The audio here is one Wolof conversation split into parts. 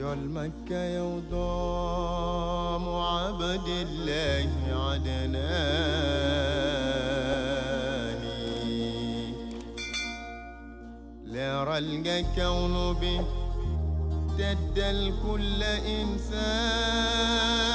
المكة مكة وضام عبد الله عدناني لا الكون كون به تدل كل إنسان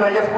Rodríguez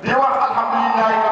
di wax alhamdulilah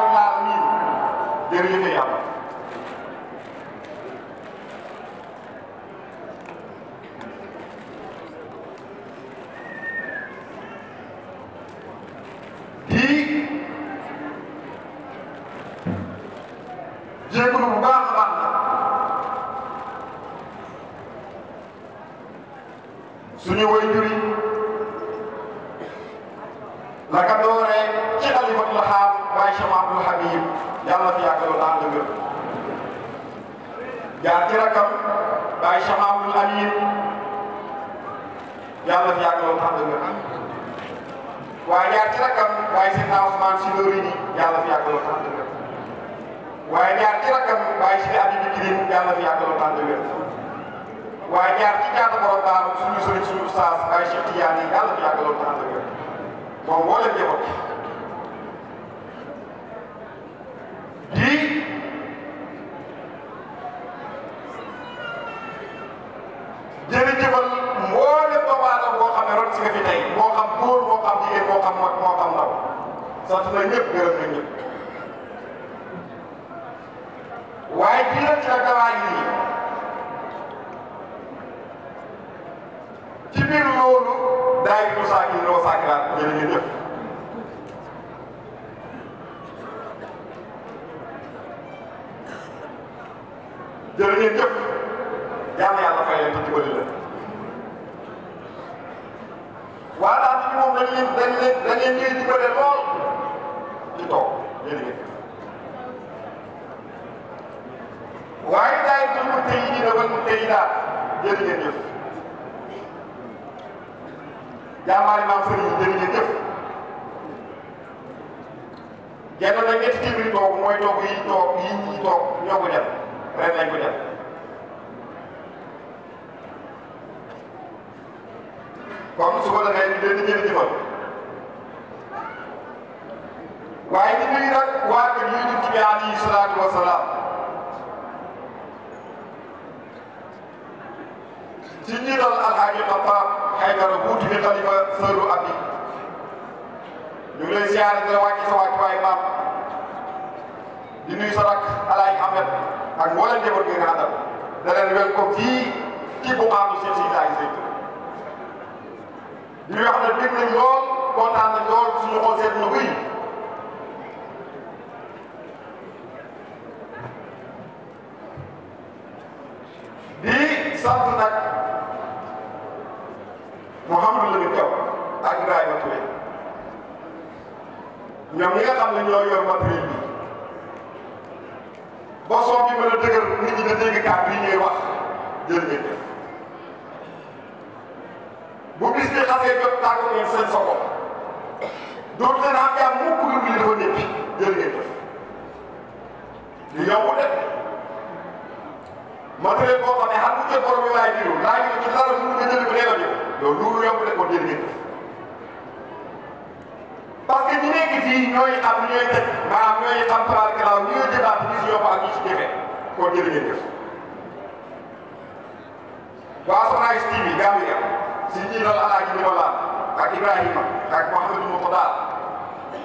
si njiital alaaji ñu ko laal ak Ibrahima ak Mouhamadou Mourtada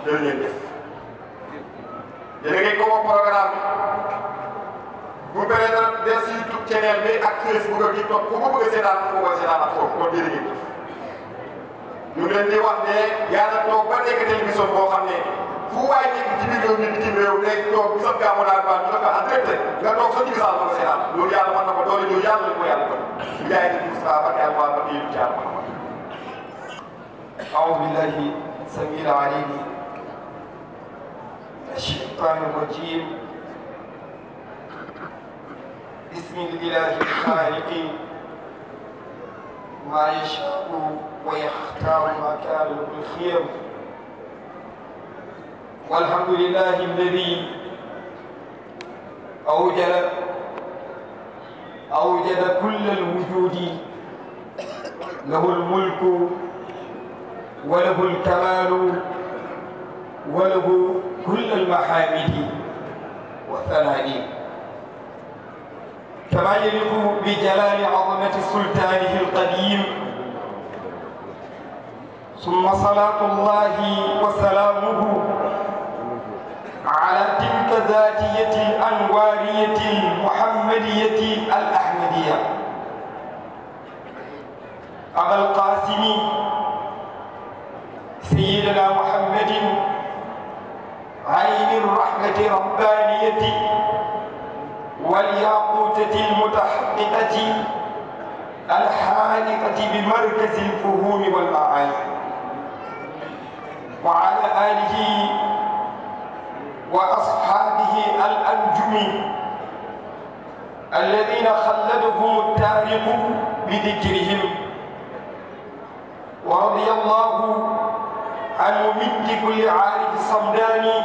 jërë ngeen jëf yéen a ngi ko programme bi bu bëree dara des bi ak Facebook ak TikTok ku ku ko bëgg a seetaan ak foofu kon jërë ngeen jëf ñu wax ne yàlla toog ba nekk télévision boo xam ne. fu waay nekk ci biir réew mi bitim réew léegi toog sa gàmmu daal ba ñu la ko en direct nga toog sa digg saal ba nga seetaan loolu yàlla mën na ko doole loolu yàlla la ko yàlla ko yaay di Mustafa barke alquran ba tey ci yàlla أعوذ بالله السميع العليم من الشيطان الرجيم بسم الله الخالق ما يشاء ويختار ما كان بالخير والحمد لله الذي أوجد أوجد كل الوجود له الملك وله الكمال وله كل المحامد والثنائي كما يليق بجلال عظمة سلطانه القديم ثم صلاة الله وسلامه على تلك ذاتية الأنوارية المحمدية الأحمدية أبا القاسم سيدنا محمد عين الرحمة الربانية والياقوتة المتحققة الحالقة بمركز الفهوم والمعاني وعلى آله وأصحابه الأنجم الذين خلده التاريخ بذكرهم ورضي الله عن ممد كل عارف صمداني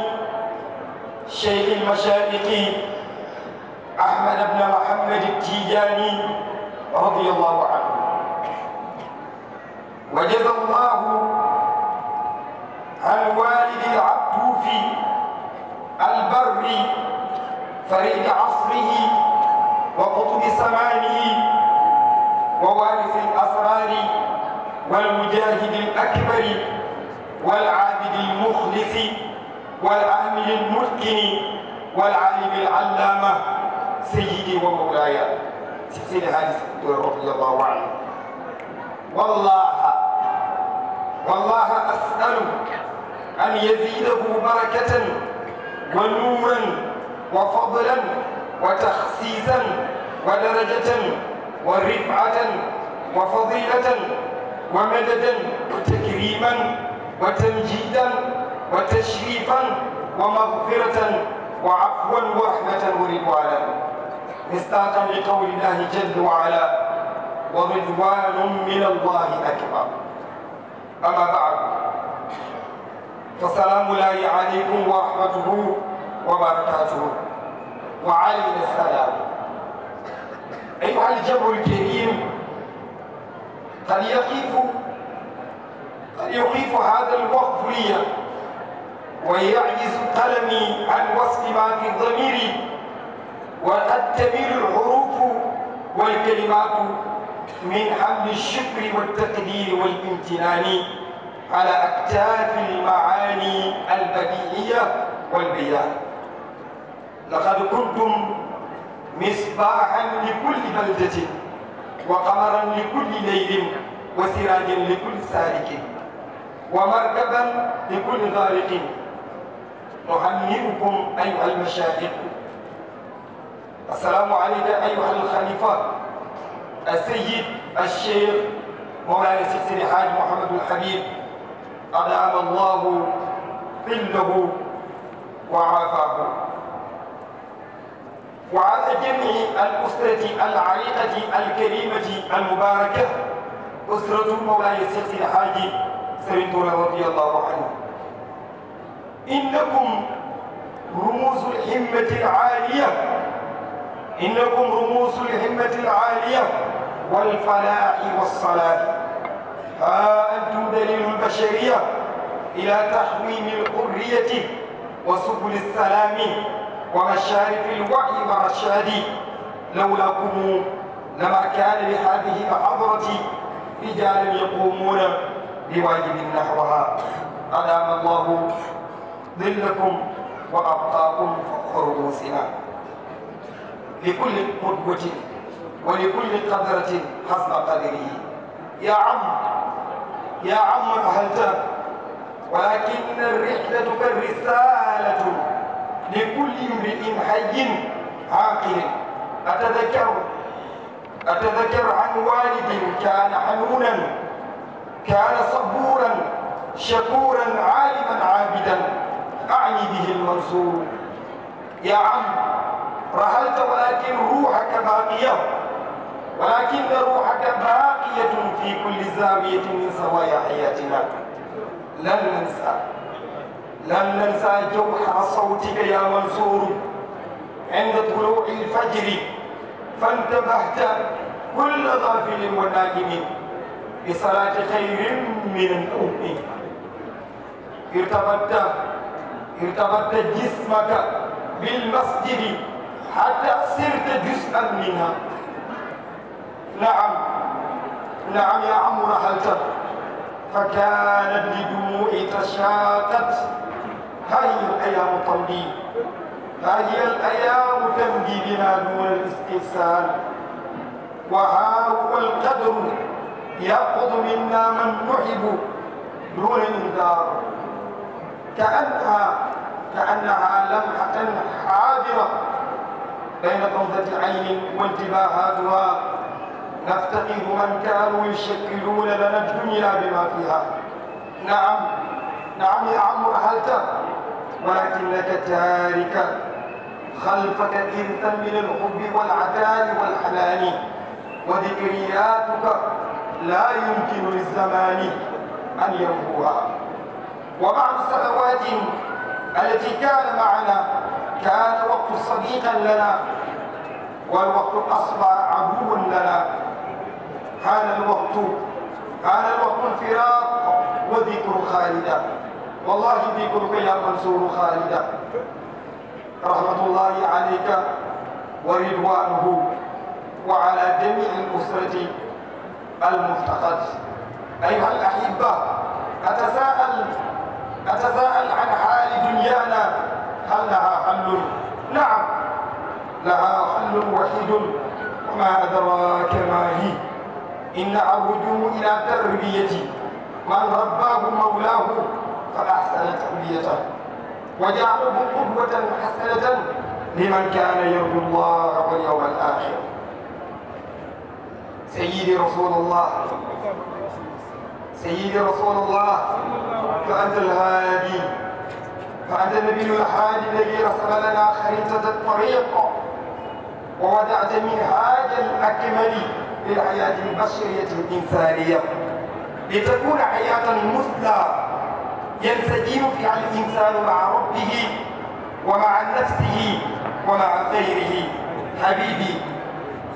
شيخ المشارق أحمد بن محمد التيجاني رضي الله عنه وجزى الله عن والد العبد في البر فريد عصره وقطب زمانه ووارث الأسرار والمجاهد الأكبر والعابد المخلص والعامل المتقن والعالم العلامة سيدي ومولاي سيدي هذه رضي الله عنه والله والله أسأله أن يزيده بركة ونورا وفضلا وتخصيصا ودرجة ورفعة وفضيلة ومددا وتكريما وتمجيدا وتشريفا ومغفرة وعفوا ورحمة ورضوانا مصداقا لقول الله جل وعلا ورضوان من الله أكبر أما بعد وسلام الله عليكم ورحمته وبركاته وعلينا السلام أيها الجبر الكريم قد يخيف قد يخيف هذا الوقف لي ويعجز قلمي عن وصف ما في ضميري وقد تميل الحروف والكلمات من حمل الشكر والتقدير والامتنان على أكتاف المعاني البديهية والبيان لقد كنتم مصباحا لكل بلدة وقمرا لكل ليل وسراجا لكل سالك ومركبا لكل غارق نهنئكم أيها المشايخ السلام عليك أيها الخليفة السيد الشيخ مولانا السيد الحاج محمد الحبيب أنعم الله ظله وعافاه وعلى جميع الأسرة العريقة الكريمة المباركة أسرة مولاي الشيخ الحاج سرندورة رضي الله عنه إنكم رموز الهمة العالية إنكم رموز الهمة العالية والفلاح والصلاح ها أنتم دليل البشرية إلى تحويم الحرية وسبل السلام ومشارف الوعي والرشاد لولاكم لما كان لهذه الحضرة رجال يقومون بواجب نحوها أدام الله ظلكم وأبقاكم فوق رؤوسنا لكل قدوة ولكل قدرة حسب قدره يا عم يا عم أهلتنا ولكن الرحلة كالرسالة لكل امرئ حي عاقل أتذكر أتذكر عن والد كان حنونا كان صبورا شكورا عالما عابدا أعني به المنصور يا عم رحلت ولكن روحك باقيه ولكن روحك باقية في كل زاوية من زوايا حياتنا لن ننسى لن ننسى جوح صوتك يا منصور عند طلوع الفجر فانتبهت كل غافل ونائم بصلاة خير من الأم ارتبطت ارتبطت جسمك بالمسجد حتى صرت جزءا منها نعم نعم يا عم رحلت فكانت لدموعي تشاتت هذه الأيام تمضي هذه الأيام تمضي بنا دون الاستئسال وها هو القدر يأخذ منا من نحب دون إنذار كأنها كأنها لمحة حاضرة بين قبضة عين وانتباهاتها نفتقد من كانوا يشكلون لنا الدنيا بما فيها نعم نعم يا عم رحلت ولكنك تارك خلفك إرثا من الحب والعدال والحنان وذكرياتك لا يمكن للزمان أن يمحوها ومع السنوات التي كان معنا كان وقت صديقا لنا والوقت أصبح عدوا لنا حان الوقت حان الوقت الفراق وذكر خالدة والله ذكرك يا منصور خالدة رحمة الله عليك ورضوانه وعلى جميع الأسرة المفتقد أيها الأحبة أتساءل أتساءل عن حال دنيانا هل لها حل؟ نعم لها حل وحيد وما أدراك ما هي إن أرجو إلى تربيتي من رباه مولاه فأحسن تربيته وجعله قدوة حسنة لمن كان يرجو الله واليوم الآخر سيدي رسول الله سيدي رسول الله فأنت الهادي فأنت النبي الهادي الذي رسم لنا خريطة الطريق ووضعت منهاج الأكمل للحياة البشرية الإنسانية لتكون حياة مثلى ينسجم فيها الإنسان مع ربه ومع نفسه ومع غيره حبيبي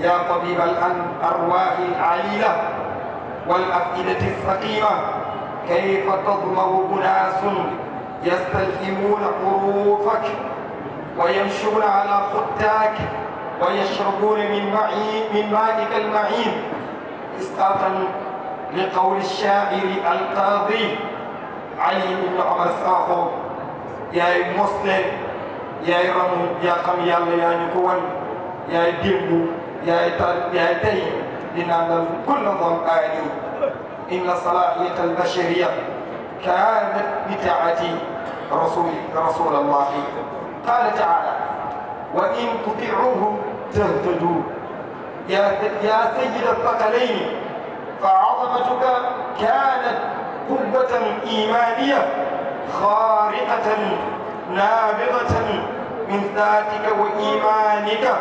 يا طبيب الأرواح العليلة والأفئدة السقيمة كيف تظلم أناس يستلهمون حروفك ويمشون على خداك ويشربون من معين من مالك المعين اسقاطا لقول الشاعر القاضي علي بن عمر ساخو يا مسلم يا ramu يا قم يا yaa يا ko يا يا يا yaay tal yaay لنعلم كل ظمآن إن صلاحية البشرية كانت بطاعة رسول رسول الله قال تعالى وإن تطيعوه تهتدوا يا يا سيد الثقلين فعظمتك كانت قوة إيمانية خارقة نابغة من ذاتك وإيمانك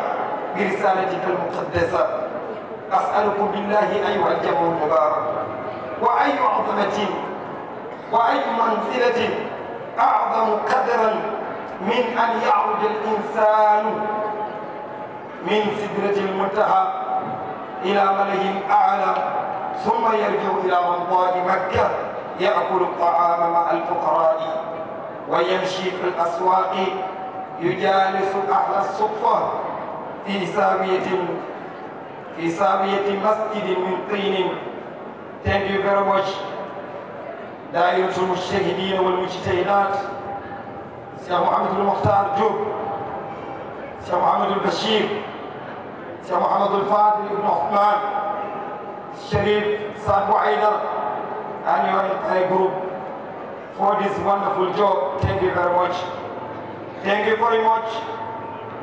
برسالتك المقدسة أسألكم بالله أيها الجمع المبارك وأي عظمة وأي منزلة أعظم قدرا من أن يعرج الإنسان من سدرة المنتهى إلى مله الأعلى ثم يرجع إلى منطاق مكة يأكل الطعام مع الفقراء ويمشي في الأسواق يجالس أهل الصفة في سامية في سامية مسجد من طين Thank you very much دائرة المشاهدين والمجتهدات سيد محمد المختار جوب سيد محمد البشير الشيخ محمد الفاضل بن عثمان الشريف Sanbo Aida and your entire group for this wonderful job. Thank you very much. Thank you very much,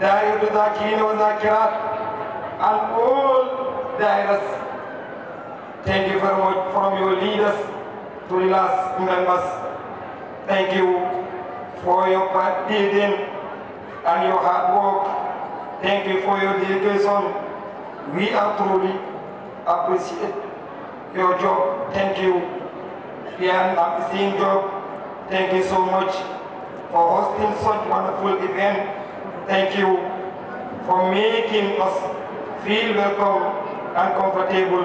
Dairu Zakino Zakirat and all Dairas. Thank you very much from your leaders to the last members. Thank you for your part and your hard work Thank you for your dedication. We are truly appreciate your job. Thank you. We are an amazing job. Thank you so much for hosting such wonderful event. Thank you for making us feel welcome and comfortable.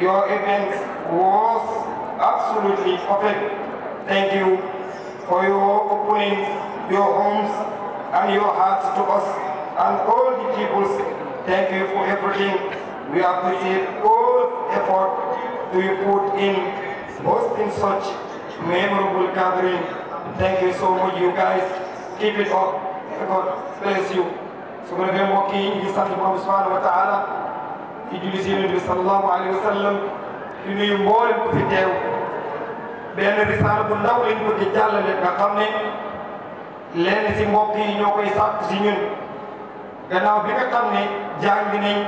Your event was absolutely perfect. Thank you for your opening your homes and your hearts to us and all the peoples, thank you for everything. We appreciate all effort you put in hosting such memorable gathering. Thank you so much, you guys. Keep it up. God bless you. So ko defee mbokk yi ñu ngi sant borom subhanahu wa taala He julli si yonent bi sallallahu alayhi wa sallam di nuyu mboolem ku fi teew benn risaala bu ndaw lañ bëgg jàllale nga xam ne lenn si mbokk yi ñoo koy sàkk si ñun. gannaaw bi nga xam ne jàng nañ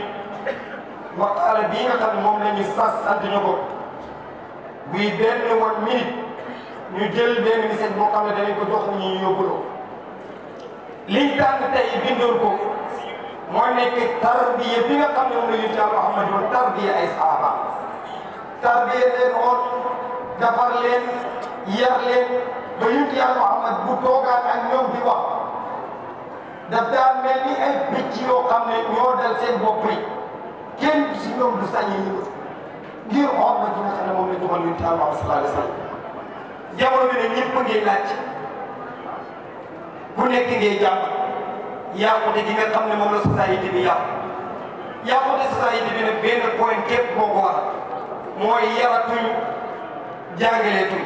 waqaala bii nga xam moom la ñu sas sant ñu ko buy benn wan minute ñu jël benn message boo xam ne danañ ko jox ñu ñu yóbbuloo liñ tànn tey bindoon ko moo nekk tarbiya bi nga xam ne moom la ñu Muhammad woon tarbiya ay saaba tarbiya leen woon defar leen leen ba ñu Muhammad bu toogaan ak ñoom di wax daf daa ni ay yoo xam ne ñoo dal seen bopp yi kenn si ñoom du sañ yi ngir xool na ci nga xam moom la joxal yonent Yàlla sallallahu alayhi wa sallam jamono bi ne ñëpp ngay laaj bu nekk ngay jàpp yàqute gi nga xam ne moom la société bi yàqu yàqute société bi ne benn point képp moo ko war mooy yaratuñ jàngaleetuñ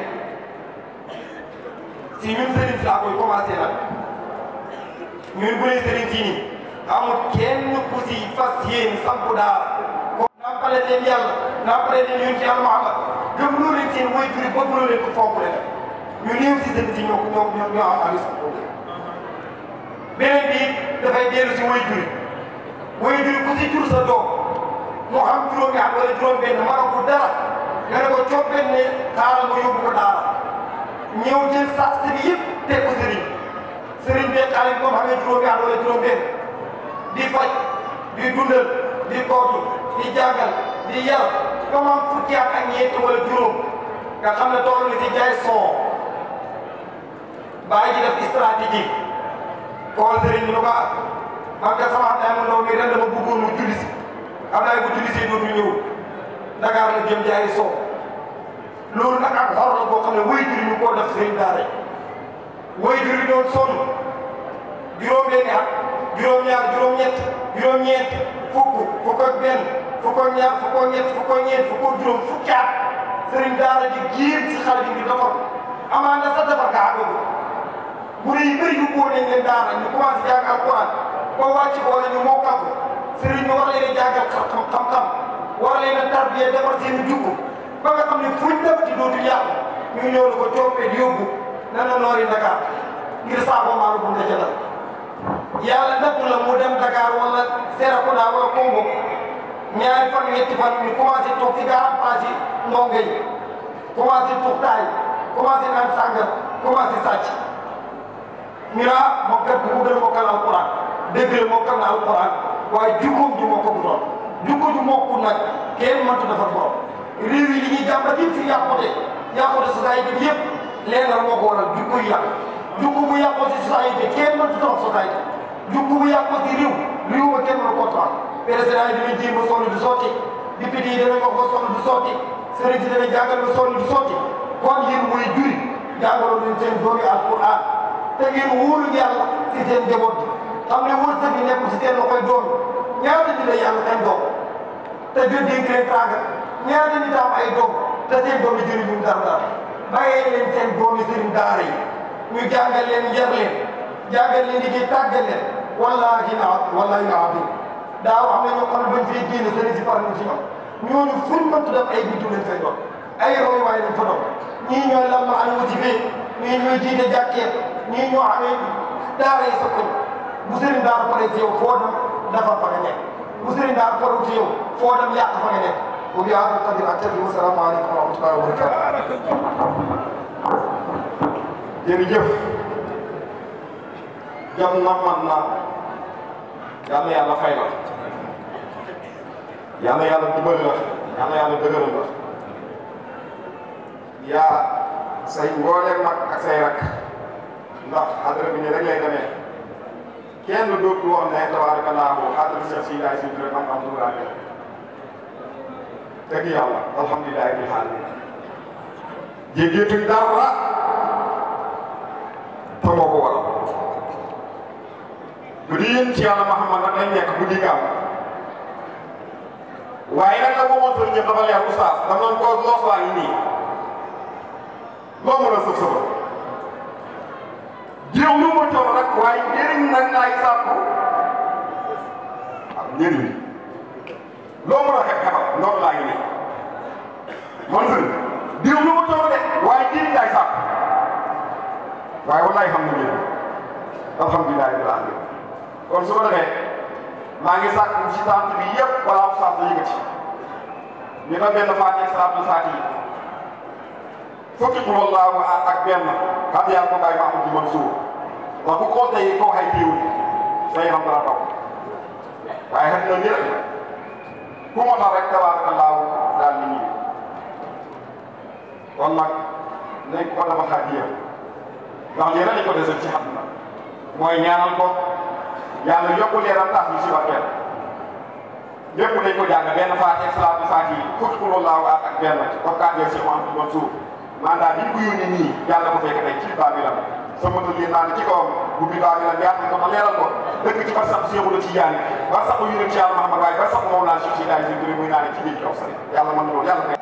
si ñun sëriñ si laa koy commencé nag ñun bu dee sëriñ si nii amul kenn ku si fas yéen sampu daara kon nampale leen yàlla nampale leen yoon ci yàlla Muhammad gëm loo leen seen way juri bëgg loo ko fonk leen ñu néew si sëriñ si ñoo ko ñoo ñoo ñoo am alis beneen bi dafay dellu si way juri way juri ku si jur sa doom mu am juróomi at wala juróom benn mara ko dara nga ne ko coow benn ne xaaral ma yóbbu ko daara ñëw jël sax si bi yëpp teg ko sëriñ sëriñ bi xaalis moom xam ne juróomi at wala juróom benn di faj di dundal di kootu di jàngal di yar ba mu am fukki at ak ñeent wala juróom xam ne tool bi ci jaay son bàyyi ji def stratégie kool sëriñ nu ko ah, man de sama am na ndaw mi ren dama bëggoon mu julli si xam naa bu julli si dootu ñëw Dakar la jëm jaay son loolu nag ak xor la boo xam ne wéy jur ñu koo def sëriñ daara way jur yi doon sonn juróom benni at juróom ñaar juróom ñett juróom ñeent fukk fukk ak benn fukk ak ñaar fukk ak ñett fukk ak ñeent fukk ak juróom fukki at sëriñ daara di jiir bi di defar amaa nga sa defar gaa googu yu bëri bi war leen a jàngal xam-xam war leen a tarbiya defar seen jukku ba nga xam ne fuñ defati ko coppee nana noori Dakar ngir saafo maalu bu nga jëlal yàlla nattu la mu dem Dakar wala Serekunda wala Congo ñaari fan ñetti fan ñu commencé toog si garab page yi ndongo yi commencé tuxtaay commencé naan sàngal commencé sàcc ñu naa moom kat bu gën a mokkal alquran dëgg la mokkal na alquran waaye jukóom ju mokko bu doon jukko ju mokku nag kenn mëntu defar borom réew yi li ñuy jàmbat yëpp fi yàqute yàqute société bi yëpp léegi moo ko jukku yu jukku bu yàqoo si société kenn mënut a dox société jukku bu yàqoo si réew réew ma kenn mënu ko tax président yi dinañ jéem a sonn du sotti député yi danañ wax ba sonn du sotti sëriñ si danañ jàngal ba sonn du sotti kon yéen mooy juri jàngaloon nañ seen doomi alquran te ngeen wóolu yàlla si seen njaboot xam ne wërsëg yi nekkul si seen loxoy doom ñaata dina yàlla xañ doom te jot dénk leen tàggat ñaata nit am ay doom te seen doom yi bàyyee leen seen doomi sëriñ daara yi ñu jàngal leen yar leen jàngal leen liggéey tàggal leen wallaahi la wallaahi la abim daa wax nañu xol bañ fee génn sëriñ si faral ci ñoom ñooñu fuñ mëntu def ay biddu leen fay doon ay roy waay lañ fa doon ñii ñooy lamba an motivé ñii ñooy jiite jàkkee ñii ñoo amee daara yi sa koñ bu sëriñ daara pare ci yow foo dem dafa fa nga nekk bu sëriñ daara pare ci yow foo dem yàq fa nga nekk وبهذا القدر أكتفي والسلام عليكم ورحمة الله وبركاته. jërëjëf jam na man na yal na yàlla fay la yal na yàlla dimbali la yal na yàlla dëgëral la yaa say ngoolee mag ak say rak ndax adra bi ne rek lay demee kenn dootul wax ne tabaarakallahu adra Cheikh Sida Sida rek am am dëgg yàlla alhamdulilah rabbil alamin jéggeetuñ dara te moo ko bu di yéen ci yàlla Muhammad nag lañ nekk bu di gaaw waaye nag la moomoon sëñ ñëpp dafa leer oustaz daf doon ko noos waa yi loo mën a sëf sëfa jéew lu ma coono nag waaye njëriñ nag laay sàkku am njëriñ loo mën a xeeb xebal ndox laa ngi nii man sën diw lu ma jox de waaye diw ngay sàkk waaye wallaay xam nga ñun alhamdulilah rabbil alamin kon su ma defee maa ngi sàkk ci sant bi yëpp balaa mu sant yëkkati ñu ne benn Fatick salaatu saati yi fukki qul wallahu ahad ak benn xam yaa ko bàyyi Mahmoud Mansour wax bu ko tey koo xay diw say xam dara taw waaye xam na nii rek ku mu na rek tabaarakallaahu daal di ñëw kon nag nañ ko dafa xadiya ndax lii rek lañ ko desal ci xam na mooy ñaanal ko yàlla yokku leeram tax ñu si waxtaan lépp dañ ko jàng benn faati ak salaatu faati yi ku loolu laaw aat ak benn comme kaa jël si moom ci bon suuf mandat bi ñu ko yónnee nii yàlla ko fekk tey ci baabilam samatul yéen naa ne ci kawam bu bi baa ngi la yaatu ko ma leeral ko dëkk ci barsax si yowula ci yaani barsax yu ne ci yàlla Mahamad waaye barsax moom laa si ci daay si bëri muy naa ne ci biir kaw sari yàlla mën na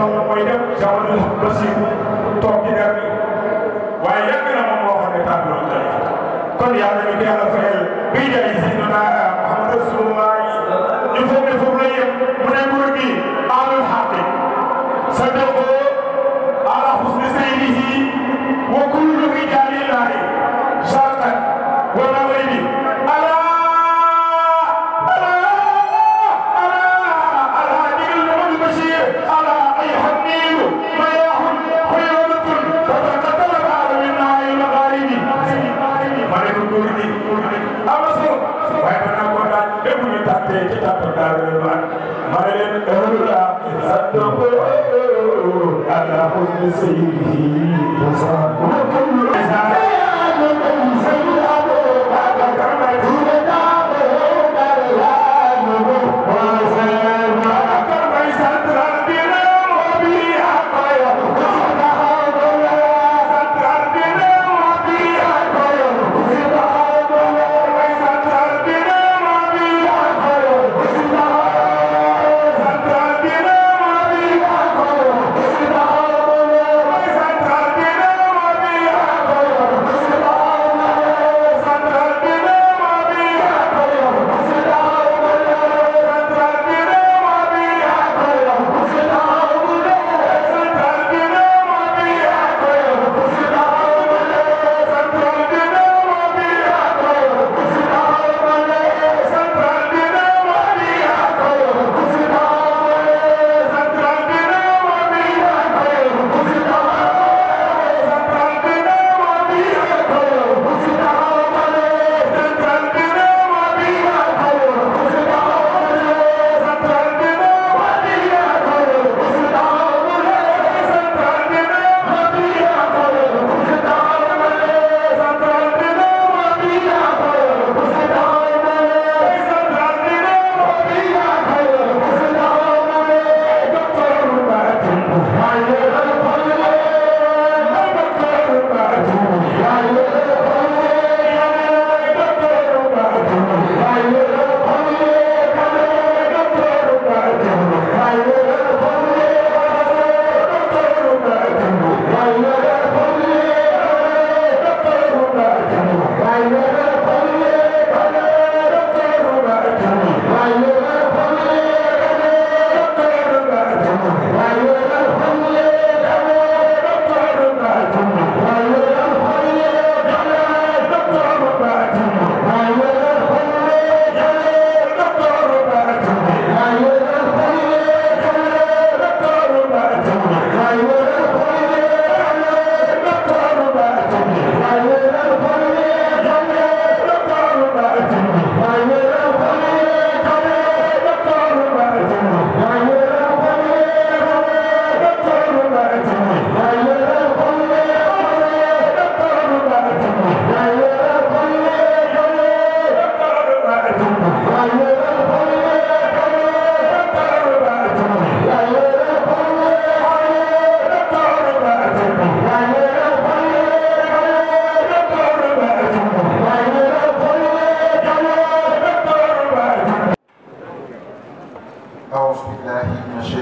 xam nga mooy dem jamono na moom moo xam ne tàmbali kon yàlla ñu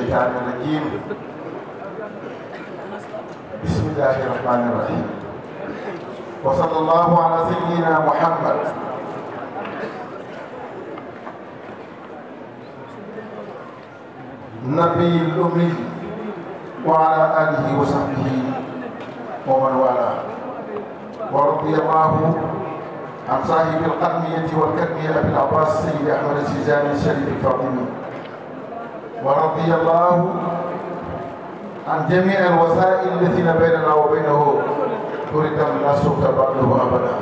الشيطان الرجيم بسم الله الرحمن الرحيم وصلى الله على سيدنا محمد النبي الأمي وعلى آله وصحبه ومن والاه ورضي الله عن صاحب القرنية والكرمية أبي العباس سيد أحمد الزيزاني الشريف الفاطمي ورضي الله عن جميع الوسائل التي بيننا وبينه تريد الناس بعده أبدا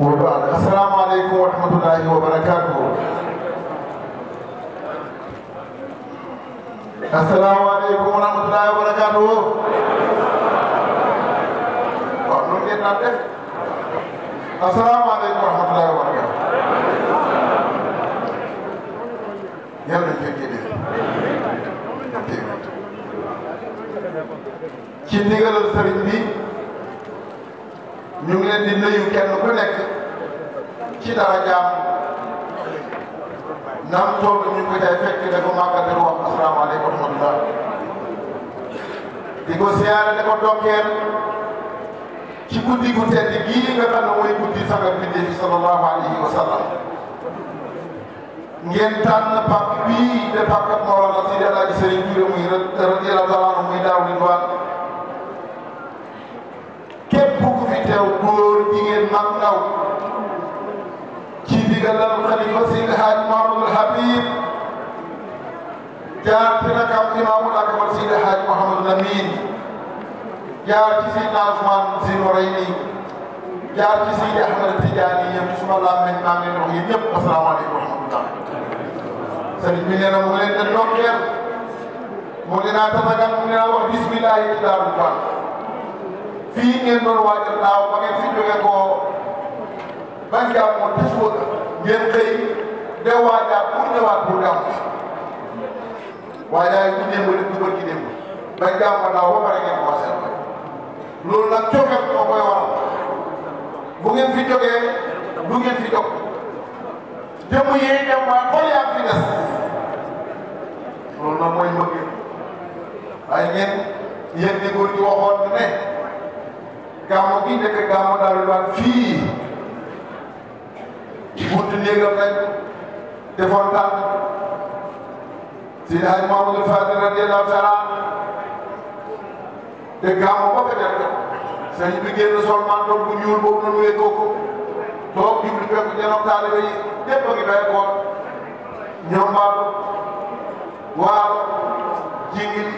وبعد السلام عليكم ورحمة الله وبركاته السلام عليكم ورحمة الله وبركاته وعلم السلام عليكم ورحمة الله وبركاته ci ndigalal sëriñ bi ñu ngi leen di kenn ku nekk ci dara jaam naam toll ñu ko cay fekk dafa màggal di wax asalaamaaleykum wa rahmatullah di ko siyaare ne ko dokkeel ci guddi gu tedd gii nga xam ne mooy guddi sagar fi sallallahu alayhi wa ngeen tànn pàkk bii de pàkk Mawlana Seydi El Hadji Serigne Touré muy radiyallahu anhu muy daaw ridwaan teew góor jigéen mag ndaw ci digalal xalifa Seydi Haaj Mamadul Habib jaar ci rakam imaamul akmal Seydi Haaj Mahamadul Amin jaar ci Seydina Usmaan Si Noreyni jaar ci Seydi Ahmad Tijaani yëpp su ma laamee maa ngi leen wax yéen ñëpp asalaamaaleykum wa rahmatullah sëriñ bi nee na mu ngi leen di ndokkeel mu ngi naan tatagal mu ngi naan wax bismillah yi ci daaru baax fii ngeen doon waajal daaw ba ngeen fi jóge koo ba gàmmu ci suba ngeen xëy de waajaat pour ñëwaat pour gàmm waajaay bu démb di dugal ci démb ba gàmm daaw ba pare ngeen ko seet loolu nag cofet moo koy waral bu ngeen fi jógee du ngeen fi jóg jëmm yee dem waaye xool yaa fi loolu nag mooy bëgg waaye ñeen yéen di góor gi waxoon ne gàmmu gi nekk gàmmu daal di fii ci buntu néegam rek defoon tànn Seydi Hadj Mamadou Fadil radiyallahu taala te gàmmu ba fa def ko sëñ bi génn sol mantoon bu ñuul boobu noonu wéetoo ko toog jublu fekk janoom taalibe yi lépp a ngi doy koon ñoom waaw waaw jingil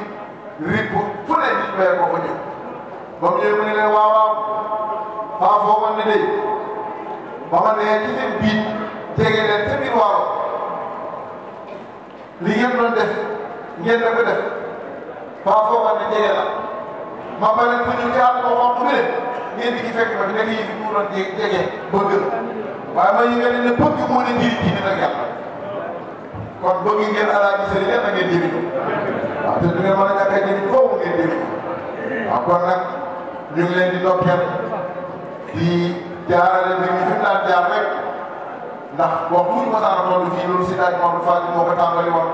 ripp fu ne nit doy ko ko ñëw ba mu ñëwee mu ne leen waaw waaw faa foogoon ne de ba ma nee ci seen biit jege leen ca biir waaro li ngeen doon def ngeen la ko def faa foogoon ne jege la ma ba leen ma ñëw ci àll ba waxtu bi de ngeen di ci fekk ma nekk yi fi mu doon jege bëgg waaye ma yëgal ne bëgg moo ne njëriñ ci nit ak yàlla kon bëgg ngeen alaaji sëriñ yàlla ngeen jëriñu waaw te du ngeen mën a ñàkk a jëriñ foofu ngeen jëriñu waaw kon nag ñu ngi leen di ndokkeel di jaarale bi ñu fi daan jaar rek ndax wax muy masaara toll fii loolu si daaj Maodo Fall moo ko tàmbali woon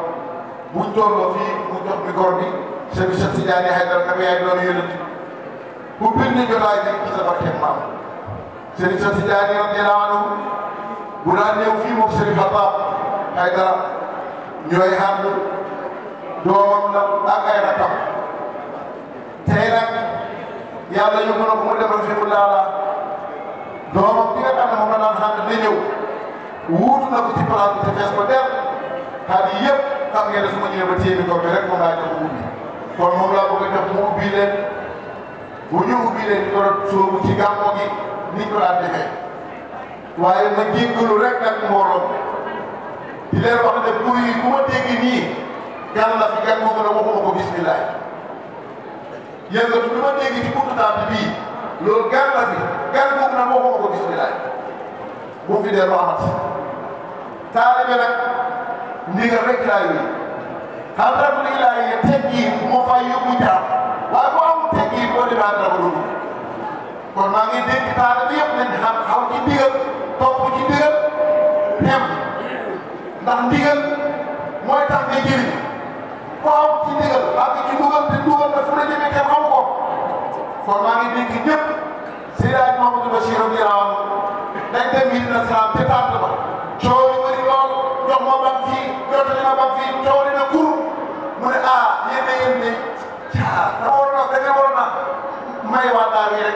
buñ tolloo fii mu jox micro bi sëñ Cheikh Tidiane Haydara naka yaay doon yëlati bu bind jotaay bi ci sa barke maam sëñ Cheikh Tidiane radiyallahu anhu bu daan ñëw fii moom sëñ Fapal Haydara ñooy ànd doomam la ak ay rakam tey nag yàlla yóbbu na ko mu def rafiqul aala doomam bi nga xam ne di ñëw wuutu na ko ci place bi te ko del xaar yi yëpp xam ngeen su ma ba téye ko bi rek moom laa jox ubbi kon moom laa bëgg a mu ubbi leen ñu ubbi leen ñu ko ci gàmmo ni ko daan defee waaye ma jéggalu rek nag mbooloo di leen wax ne pour yi ma dégg nii gan la fi gan moo gën a waxuma ko bismillah yëngatu lu ma dégg ci buntu taat bii loolu gan la fi gan na nag moo ko ko gis bilaay bu fi delloo amat taalibe nag ndigal rek laay wi xam nga dafa nekk laay tekki moo fay yóbbu jaar waaye boo amul tekki boo demee dara ko dund kon maa ngi dégg taalibe yëpp nañ xam xaw ci ndigal topp ci ndigal dem ndax ndigal mooy tax nga jëriñ ku am ci ndigal ak ci dugal te dugal na fu la jëmee kenn xam ko kon maa ngi dégg ñëpp Seydi Mamadou Bachir bi raam dañ dem yi na saam te tànt ba coow yi bëri lool jox ma bam fii jotali ma bam fii coow na kuru mu ne ah yéen ne yéen ne caa na da na may waa daal yi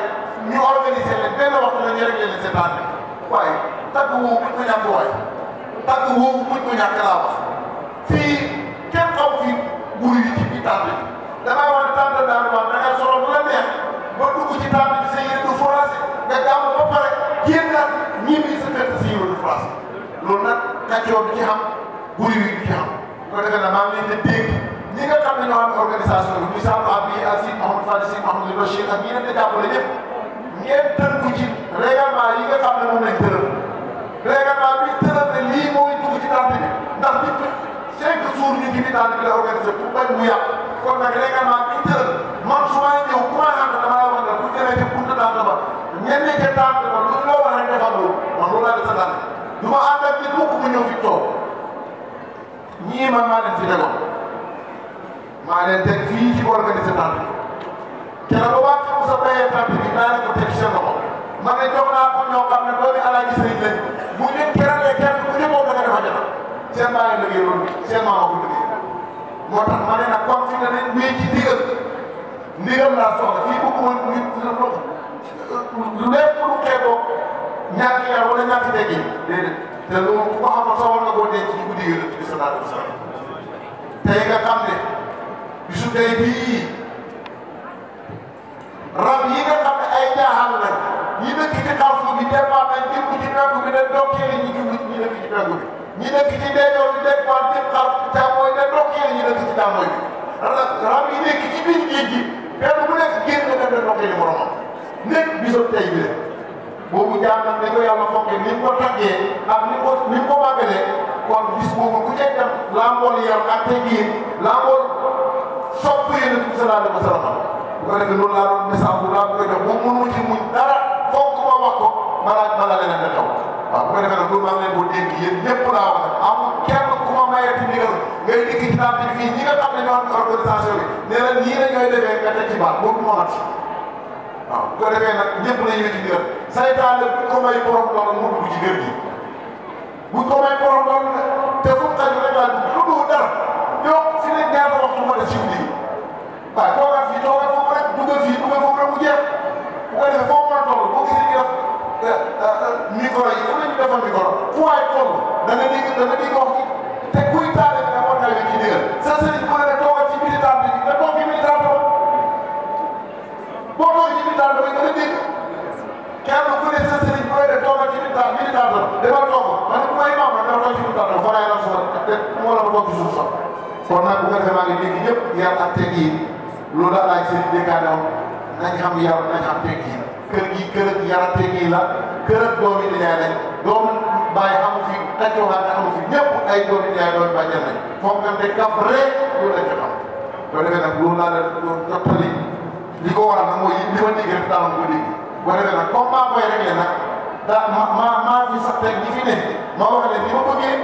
ñu organiser leen benn waxtu la ñu rek leen seetaan waaye tagg woowu buñ ko ñàkk waay tagg fii kenn xaw fii wuyu ci biir tànn bi damay wax ne tànn daal maam da ngay solo bu la neex ba dugg ci tànn bi sa yére du forage nga gàmm ba pare génnaat ñii bi sa fett sa yére du forage loolu nag kàccoo bi ci xam wuyu bi ci xam ko defee nag maa ngi leen di dégg ñi nga xam ne ñoo am organisation bi muy Sadou Abdi ak Sine Mouhamadou Fadi Sine Mouhamadou Bachir ak ñeneen ñi jàppale ñëpp ngeen tënku ci règlement yi nga xam ne moom lañ tëral règlement bi tëral ne lii mooy dugg ci tànn bi toujours nit ñi bi daal di la organiser pour bañ mu yàq kon nag règlement bi tëral man su ma ñëw ku ma xam ne damaa wax ne bu jëlee ci buntu daan la ba ñenn ñi la ba lu loo wax mu ñëw fi ñii man maa leen maa leen teg fii ci organiser daan bi te la ba wàcc mu sa bayee tàbbi bi ko teg seen loxo man ko ñoo xam ne alaaji sëriñ lañ bu ñu teralee kenn bu ñëwoon da nga def a seen baa leen liggéey loolu seen maa ko liggéey moo tax ma ne nag comme fi nga ne wéy ci ndigal ndigal laa soxla fii bëgg woon nit lu lépp lu xeeboo ñaari yar wala ñaari teggi déedéet te loolu ku ko xamal sa war nga koo denc ci guddi gi la bi salaatu wa salaam tey nga xam ne bisu tey bii rab yi nga xam ne ay jaaxal lañ ñi dëkk ci xarfu bi des fois dañ jëm ci penku bi dañ doog kii la ñuy jublu ñi nekk ci ndeyjoor di nekk wàllu cib xar càmmooy ne ndox yéen ñi yi nekk ci biir géej gi benn nekk génn nga dem ne moromam nekk bisoon tey bi la boobu jaam nag dañoo yàlla mu ko taggee ak ni mu ko ni mu kon bis boobu ku cay tam làmbool yar ak tey biir làmbool sopp yonent bi sallallahu alayhi wa bu ko defee laa doon message bu laa ko jox bu mënu muñ dara foog ma wax ko ma laaj ma la waaw bu ko defee nag loolu maa ngi leen ko dénk yéen ñëpp laa wax nag amul kenn ku ma mayati ndigal ngay dikk ci tànn fii ñi nga xam ne ñoo am organisation bi nee na nii la ñooy defee nga teg ci baat boobu moo mat waaw bu ko defee nag ñëpp nañu ci ndigal saytaane bu ko may borom loolu mu dugg ci kër gi bu ko may borom loolu te fu mu xaj rek daal lu dul dara ñoom fi ne ñaata waxtu mën a siw lii waaw toogal fii toogal foofu rek dugal fii dugal foofu rek mu jeex bu ko defee foofu mën a toll boo gisee ñu def micro yi fu ne ñu defoon micro fu waay toll dana dégg dana dégg wax te kuy taale bi war naa leen ci digal sa sëriñ bu ne te toog ci militant ba boo toog ci militant ba dana dégg kenn ku ne sa sëriñ bu ne toogal ci militant militant ba dafa toog man bu may maam man dafa toog ci militant ba fa laay lam suuf te mu war a bokk suuf sax kon nag bu ko defee maa ngi dégg ñëpp yar ak teg loolu daal laay seen déggaane nañ xam yar nañ xam teg yi kër gi kër ak yarate gi la kër ak doomi nijaay lañ doomu baay amu fi tàccewaat ko waral wax leen ni ma bëggee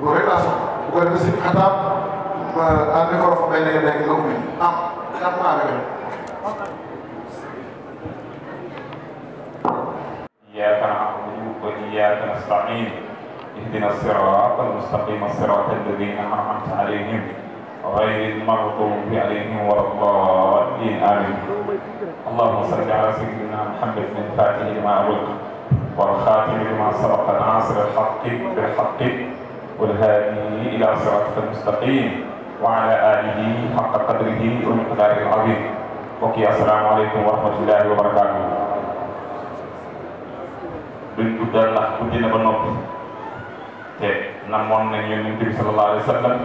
loolu rek laa soxla bu إياك نعبد وإياك نستعين اهدنا الصراط المستقيم الصراط الذين أنعمت عليهم غير المغضوب عليهم ولا الضالين آمين اللهم صل على سيدنا محمد من فاتح لما أغلق والخاتم لما سبق العاصر الحق بالحق والهادي إلى صراطك المستقيم وعلى آله حق قدره ومقداره العظيم وكي السلام عليكم ورحمة الله وبركاته duñ guddal ndax guddi na ba noppi te namoon nañ yonent bi sallallahu alayhi wa sallam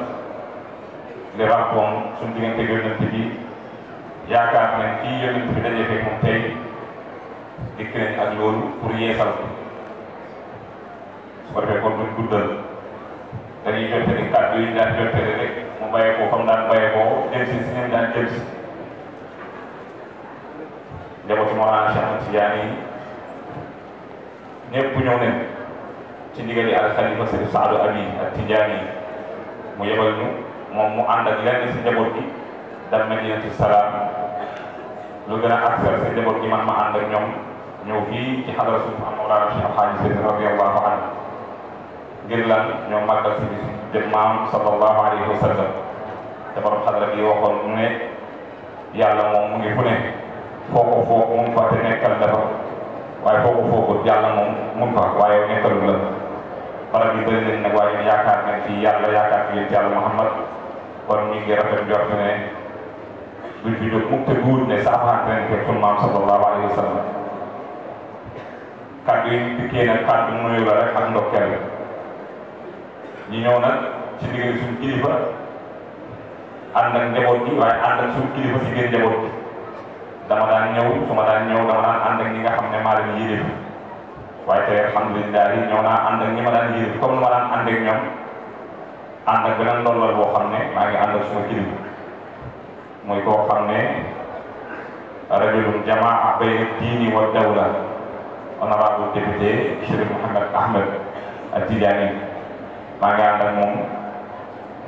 li ràppoon suñ diggante yonent bi yaakaar nañ kii yonent bi dajee fekk moom tey dikk nañ ak loolu pour yeesal ko su ko defee kon duñ guddal dañuy jottali kàddu yi daan jottali rek mu bàyyee ko xam daan bàyyee ko jëm si si ñoom daan jëm si njabootu moo naan Cheikh Tidiane yi ñëpp ñëw ne ci ndigal yi alxalifa sëriñ Saadu Abi ak mu yebal ñu moom mu ànd ak lenn si njaboot gi dem nañ leen salaam lu gën a accès si njaboot gi man ma ànd ñoom ñëw fii ci xadara suuf am Mawlaana Cheikh Alxaaji Seydi radiyallaahu anhu ngir lan ñoom màggal si jëm maam sallallahu alayhi wa sallam te bi waxoon mu ne yàlla moom mu ngi fu ne foo ko foo moom fàtte nekkal dafa waaye foo ko foogoon yàlla moom mun ko wax waaye nekkalu la barab yi bëri nañ nag waaye ñu yaakaar nañ ci yàlla yaakaar ci Muhammad kon ñu ngi rafet ne buñ fi jóg mukk te guur ne saafante nañ ko maam sallallahu alayhi wa sallam kàddu yi dikkee nag kàddu nuyu la rek ak ndokkeel ñu ñëw nag ci diggante suñu kilifa ànd ak njaboot gi waaye ànd ak suñu kilifa dama daan ñëw su ma daan ñëw nga xam ne maa leen yilif waaye tey alhamdulilah yi ñëw naa ànd ak ñi ma daan yilif comme ma daan ànd ak ne maa ngi ànd muy koo ne rajulun jamaa bayna diini wa dawla honorable député Chérif Mouhamed Ahmed Tidiane maa ngi ànd ak moom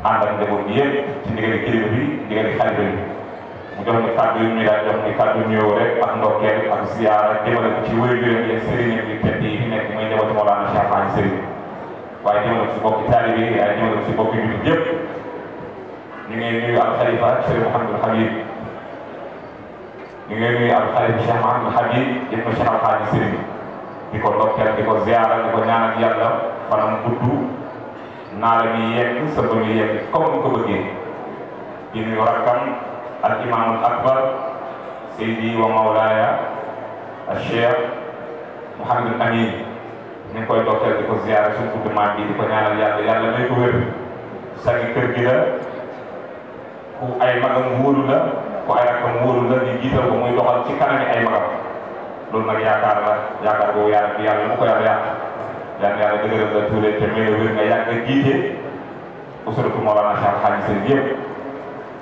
ànd ak njaboot bi yëpp ci ndigal kilifa bi mu jox ñu kàddu yu ñu daa jox ñu kàddu ñëw rek ak ndokkeel ak ziyaara jëmale ko ci wér-gu-yaram sëriñ yi tedd yi fi nekk muy njabootu Mawlana Cheikh Mahi Sëriñ waaye jëmale ko ci bokki taalibe yi waaye jëmale ko ngi nuyu al Sëriñ di ko ndokkeel di ko ziyaara di ko ñaanal yàlla fanam gudd naa la ñuy yegg sa bëgg yegg comme di nuyu rakkam الإمام الأكبر سيدي ومولاي الشيخ محمد الأمين ñu ngi koy doxal di ko ziyaare suñu fudd maam bi di ko ñaanal yàlla yàlla may ko wér sagi kër gi la ku ay magam wóolu la ku ay rakkam wóolu la di jiital ko muy doxal ci kanami ay magam loolu nag yaakaar la yaakaar boobu yàlla bi ko yàlla yàlla yàlla dëgëral la tuulee may la wér nga yàgg nga jiite usratu Mawlana Cheikh Xaalis yëpp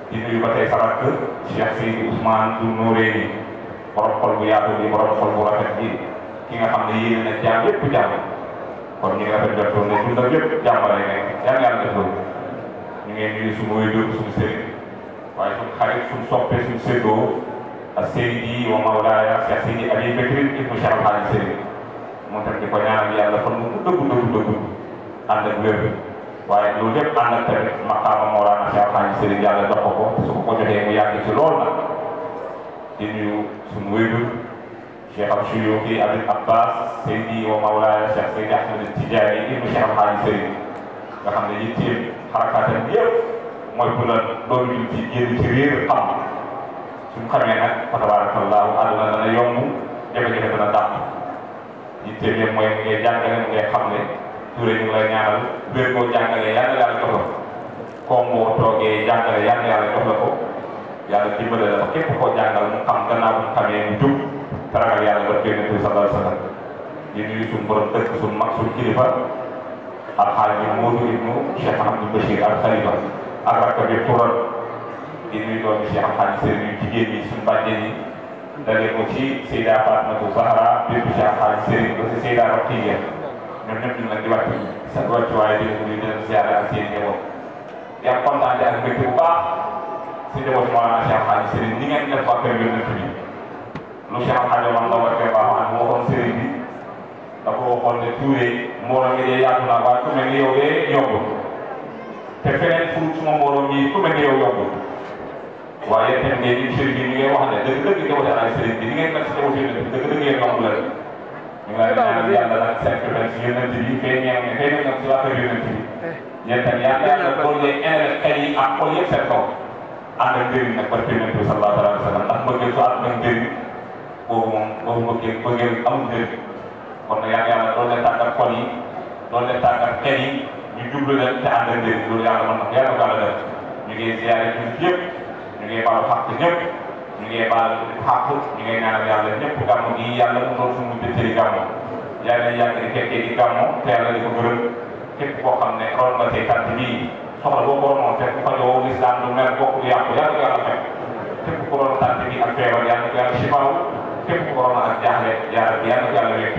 di nuyu ba tey sama kër Cheikh Seydou du Nooree ni borom xol bu yaatu bi borom xol bu rafet bi ki nga xam ne yéen na jàmm yëpp jàmm kon ñu ngi rafet jotoon ne dundal yëpp jàmm lay nekk yàlla yàlla def loolu ñu ngi nuyu suñu wéyjur suñu sëriñ waaye suñu xarit suñu soppe suñu séddoo ak sëriñ yi wa Mawlaaya Cheikh Seydi Ali Bekri ibnu Cheikh Al Hadj mu dëgg dëgg dëgg ànd ak wér waaye loolu lépp ànd ak tamit maqaama Mawlana Cheikh Alhaji Serigne yàlla jox ko ko su ko joxee mu yàgg ci lool nag di nuyu suñu wéydu Cheikh al Suyuuti Abil Abbas Seydi wa Mawlana Cheikh Seydi Ahmed Tijaani ibnu Cheikh Alhaji Serigne nga xam ne yitteem xarakaatam yëpp mooy bu loolu ñu ci génn ci réer xam suñu xamee nag fa tabaarakallaahu àdduna dana yomb jafe-jafe dana dàq yitteem yëpp mooy mu ngay jàngale mu ngay xam ne Touré ñu ngi lay ñaanal wér koo jàngale yàlla yàlla jox la ko comme boo toogee jàngale yàlla yàlla jox la ko yàlla dimbale la ba képp koo jàngal mu xam gannaaw bu mu xamee mu jub taragal yàlla ba tey nag sallallahu alayhi wa sallam di nuyu suñu borom dëkk suñu mag suñu kilifa alxaaji Moodu ibnu Cheikh Ahmadou Bachir al Khalifa ak rakk bi tural di nuyu doomi Cheikh alxaaji Serigne yu jigéen ñi suñu bàjjen yi dalee ko ci Seyda Fatmatu Zahra bépp Cheikh alxaaji Serigne ba si Seyda Rokhaya ñoom ñëpp ñu ngi leen di wax sa wàccuwaay bi di leen ziare ak seen njaboot di am kontaan ak mbégte bu baax si njaboot Mawlana Cheikh Xaaji Sëriñ ni ngeen def waa kër yonent bi lu Cheikh Xaaji man la war a baax man moo xam sëriñ bi dafa waxoon ne tuure mbooloo mi dee yaatu naa waaye ku mel ni yow dee yombul te feneen fu suma mbooloo mi ku mel ni yow yombul waaye itam ngeen di sëriñ bi ni ngay wax ne dëgg-dëgg njaboot ak sëriñ bi ni ngeen mel si njaboot yonent bi dëgg-dëgg ñu ngi lay ñaan yàlla nag seetlu rek yonent bi tey ñaan nga tey yaa ngi yàlla boo ñëwee indi xel yi ak xol yëpp seen kaw ànd ak njëriñ nag barke yonent bi sallallahu alayhi wa sallam ndax bëggee su ànd ak njëriñ boobu moom boobu bëggee bëggee amul njëriñ kon nag yaa ngi yàlla loolu la tàggat xol yi loolu la tàggat xel yi ñu jublu leen te ànd ak njëriñ loolu yàlla mën ko àll def ñu ngi ziare ñun ñëpp ñu ngi baalu xàq ñu ngi lay baal xàq ñu ngi lay ñaanal yàlla ñëpp gàmmu gi yàlla mu doon suñu jëkkëri gàmmu yàlla yàgg di fekkee di gàmmu te yàlla di ko gërëm képp koo xam ne roon nga see kàtt bii soxla boo ko ronoon fekk fa yow lislaam du mel bokk du yàqu yàlla yàlla fekk képp ku roon tànt bi ak feebar yàlla yàlla si faw képp ku roon ak jaaxle yàlla yàlla yàlla wekk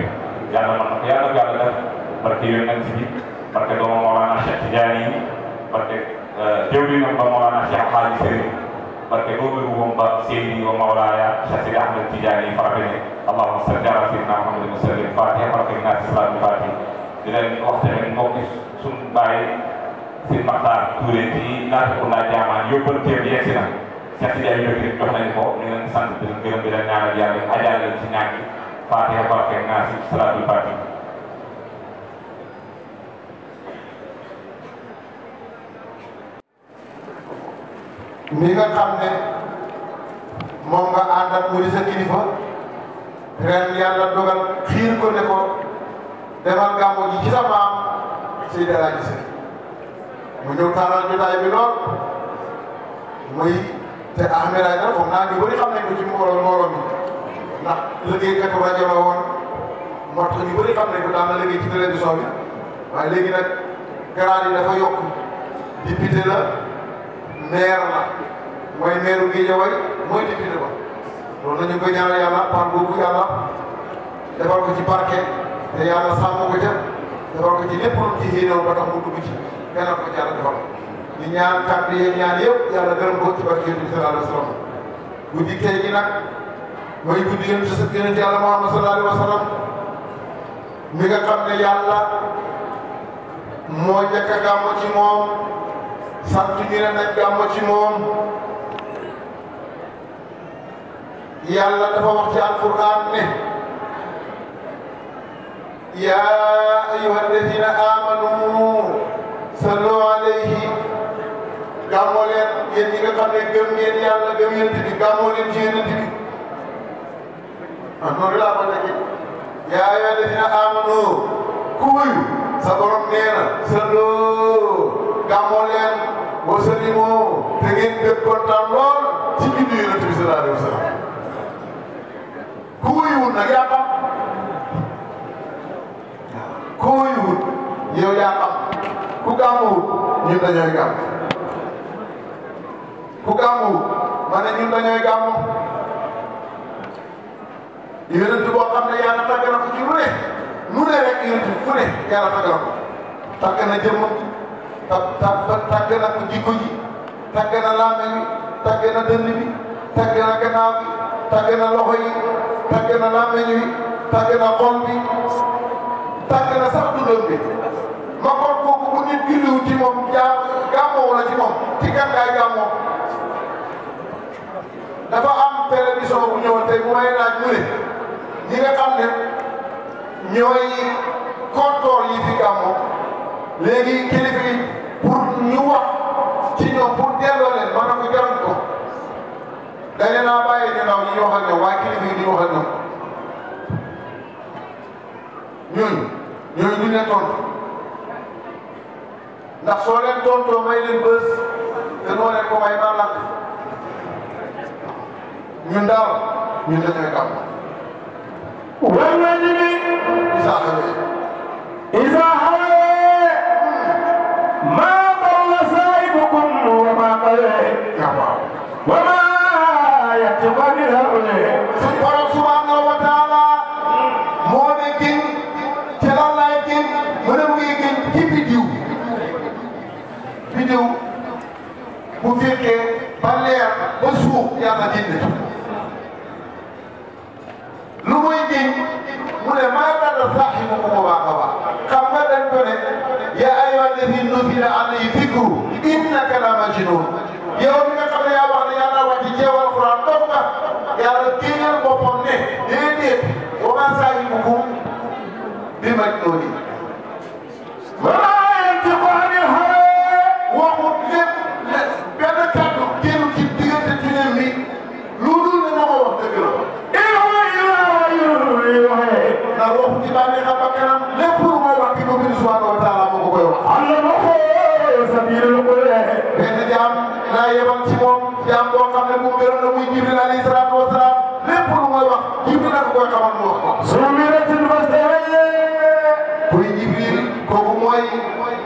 yàlla mën na ko yàlla yàlla def barke yoon nag si bi barke doomu Mawlana Cheikh Tidiane yi barke jëw bi nag ba Mawlana Cheikh Xaali Sëriñ barke boobu bu moom ba Seydi wa Mawlaaya Cheikh Sidi Ahmed Tidiane farata ne allahumma salli ala sayyidina Muhammadin wa sallim fatiha barke bi naati salaam bi fatiha di leen wax tamit mbokk suñ bàyyi si Maxtaar Touré ci naati ko laa jaamaan yóbbal teem yegg si na Cheikh Sidi ay yóbbi jox nañ ko ñu leen sant di leen gërëm di leen ñaanal yàlla ajaale ci ñaan gi fatiha barke naati salaam bi fatiha mi nga xam ne moom nga àndat mu di sa kilifa ren yàlla dogal xiir ko ne ko demal gàmmu ji ci sa maam si dara gis mu ñëw taaral jotaay bi lool muy te Ahmed Aïdara foog naa ñu bëri xam nañ ko ci mbooloo mbooloo mi ndax liggéeykatu rajo la woon moo tax ñu bëri xam nañ ko daan na liggéey ci télévision bi waaye léegi nag garaar dafa yokk député la. maire la mooy maire bu Guédiawaye mooy député ba loolu la ñu koy ñaanal yàlla par boobu ko ci barke te yàlla sàmm ko ca defal ko ci lépp lu ci yéenewoon ba tax mu dugg ci yàlla ko ci yàlla defal ñaan kàddu yi ñaan yëpp yàlla gërëm ko ci barke bi sallallahu alayhi wa sallam guddi tey gi mooy guddi yéen sa yonent yàlla Muhammad sallallahu alayhi wa mi nga xam ne yàlla moo njëkk a gàmm ci moom. sant ñu ne nag gàmmu ci moom yàlla dafa wax ne yaa ayyuha alladina amanu sallu alayhi gàmmoo leen yéen ñi nga xam ne gëm ngeen yàlla gëm yonent bi gàmmoo leen ci yonent bi ah noonu laa ko nekkee yaa ayyuha alladina amanu kuy sa borom nee na gàmmoo leen wa salimoo te ngeen gën kontaan lool ci bindu yonent bi sallallahu alayhi wa sallam ku wuyuwul nag yaa xam ku ku gàmmuwul ñun dañooy gàmm ku gàmmuwul ma ne ñun dañooy gàmm yonent boo xam ne yàlla tàgg na ko ci rek yonent fu ne yàlla tàgg na ko tàgg ta ta tàgg na ko jikko ji tàgg na laame bi na dënd bi tàgg na gannaaw bi na loxo yi na laame bi tàgg na xol bi na sax dundal ma xool kooku bu nit julliw ci moom jaa gàmmoo ci moom ci gàngaay gàmmoo dafa am télévision bu ñëwoon tey bu may laaj mu ne ñi nga xam ne kontoor yi fi gàmmoo léegi kilifa pour ñu wax ci ñoom pour delloo leen maanaam ñu jaruñ ko a leen a bàyyi ñu ndaw ñu wax ak ñoom waaye kilifa yi ñu wax ak ñoom ñooñu ñooñu duñ leen tontu ndax soo leen may leen bës te noo leen ko may maa lakk ñun daaw ñun dañuy gàmm. wala ñu ne. Isa Xawe. Isa ما ضل سائبكم وما قل وما يتبع لهؤلاء سبحانه سبحانه وتعالى مونكين تلالايكين منمويكين كي فيديو فيديو bu fekkee ba leer ba suuf yàlla dindi lu muy dindi mu ne maa dalla saahibukum waa ko wax xam nga dañ ko ne yaa ayyuhaa llazi nuzila alayhi dhikru innaka la majnun yow mi nga xam ne yaa wax ne yàlla wàcc jeewal Alxuraan toog nga yàlla génneel boppam ne déedéet wa maa saahibukum bi majnun Thank you. ndax waxu ci bànneex ak bakkanam lépp lu may wax ci ko bind subhanahu wa taala moo ko koy wax. am na ma ko sa biir lu ko leexe. benn jaam laa yebal ci moom jaam boo xam ne bu gënoon na muy jibril alayhi salaatu wa salaam wax jibril la ko koy ko. suñu biir la mooy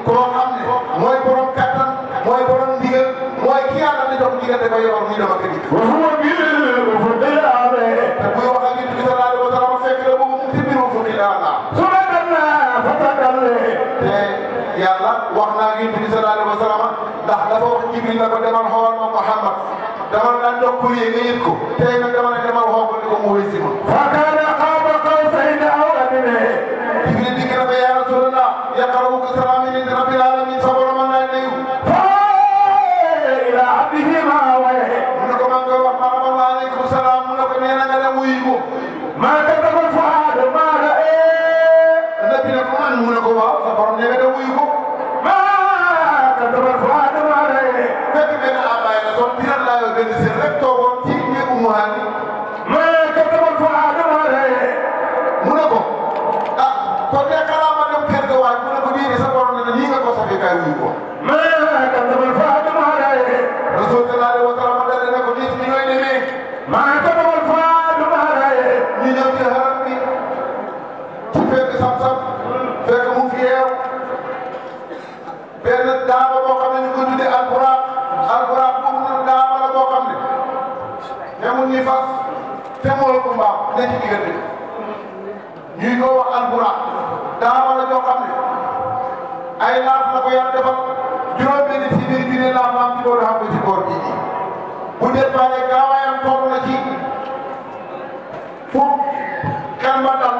koo xam ne mooy borom kattan mooy borom ndigal mooy ki na jox ndigal da a ak yonent la ko demal xool ma Muhammad dama daan jox courrier nga yëg ko tey nag dama ne demal xool ko ni mu wéy ma ne ci diggante ñuy ko wax alxuraan daa war a ne ay laaf la ko yàlla defal juróom-benn si biir bi ne laaf la am loolu xam ci góor gi bu dee pare gaawaayam toog na ci fu kan ba dal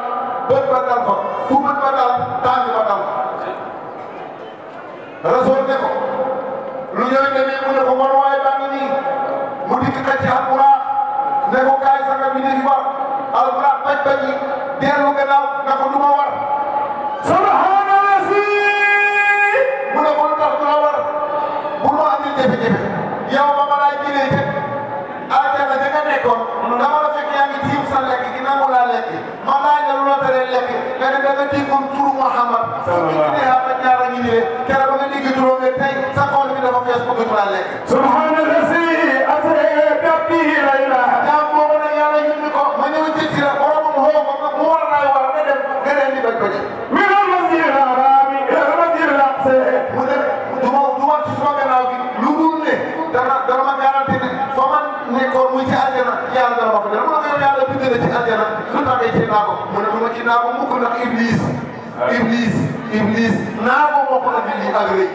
bët ba dal fa fu ba dal tànn ba dal rasul ne ko lu ñooy mu ne ko war waaye baa ngi nii mu dikk ka ci alxuraan ne ko kaay sanga bi ne fi war alquran bañ bañi dellu gannaaw na ko du ma war a lasi mu ne ko lu tax du war bu ma amee jafe-jafe yow ba ma laay jëlee jëf aljana ja nga nekkoon dama la fekk yaa ngi tiim sa lekk gi nangu laa lekk ma laaj la lu la teree lekk nga ne da nga déggoon turu Muhammad su ñu ne xam na ñaar a ngi nii keroog nga dégg turam nga tey Iblis Iblis naa ko bokk na di lii agri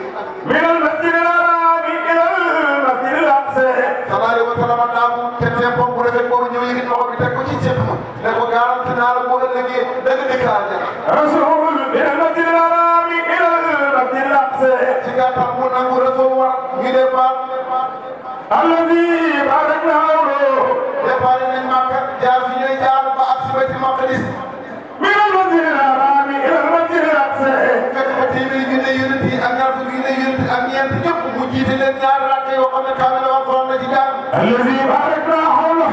min al masjid al arabi ila al masjid al aqsa salaale wa salaam naa ko te tempom bu rafet boobu ñëw yëgit loxo bi teg ko ci ceeb ma ne ko garanti naa ëllëgee dana nekk àjjana. rasul bi masjidil haram ila masjidil aqsa. ci gàttal mu nangu rasul war ñu départ. alladi barakna hawlo. départ nañ Makka jaar fi ñuy jaar ba ak si Baytul Maqdis. minal masjidil haram ila masjidil aqsa. fekk fa téeméeri junne yonent yi ak ñaar fukki junne yonent yi ak ñeent ñëpp mu jiite leen ñaar rakk yoo xam ne kaamil Alxuraan la ci jàng. alladi barakna hawlo.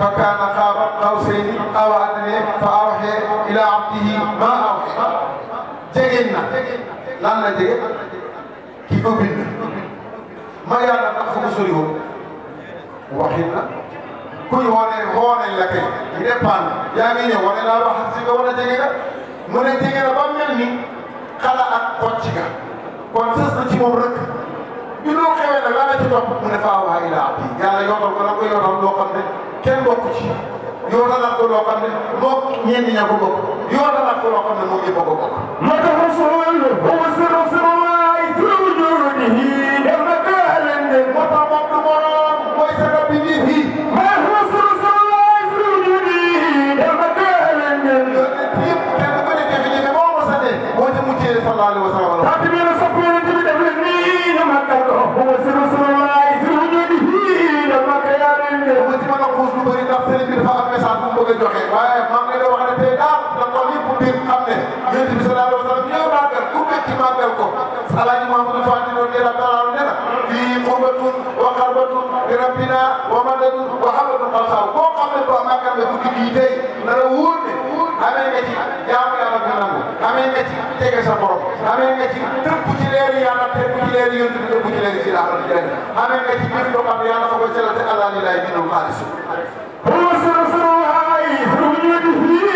فكان قاب قوسين أو أدنى فأوحى إلى عبده ما أوحى na jege la kay ñu jege nga ba mel ni xala ak kocc ga kon sës na ci moom rek ñu doon xewee nag lan la ci topp mu ne faa waa ilaa abdi yàlla yootal ko la ko yootal loo xam ne kenn bokku ci yoonalaat ko loo xam ne moom ñeent ña ko bokk yoonalaat ko loo xam ne moom ñëpp a ko bokk. sëriñ bi dafa am message bu mu bëgg a joxe waaye maa ngi leen wax ne tey daal da ko li bu biir xam ne yonent bi sallallahu alayhi wa sallam ñëw màggal ku nekk ci màggal ko alaaji Mamadou Fati doon jëlaat talaal ne la fii xurbatun wa xarbatun li rabbina wa madadun wa xabatun xalsaaw boo xam ne boo màggal nga guddi gii tey na la wóor ne amee nga ci jaamu yàlla nga nangu amee nga ci tege sa borom amee nga ci tëpp ci leer yàlla tëpp ci leer yonent bi tëpp ci leer si la amee nga ci jëf loo xam ne yàlla fa ko sellate alaani laay minul xaalis هو سر سر هاي سر وجودي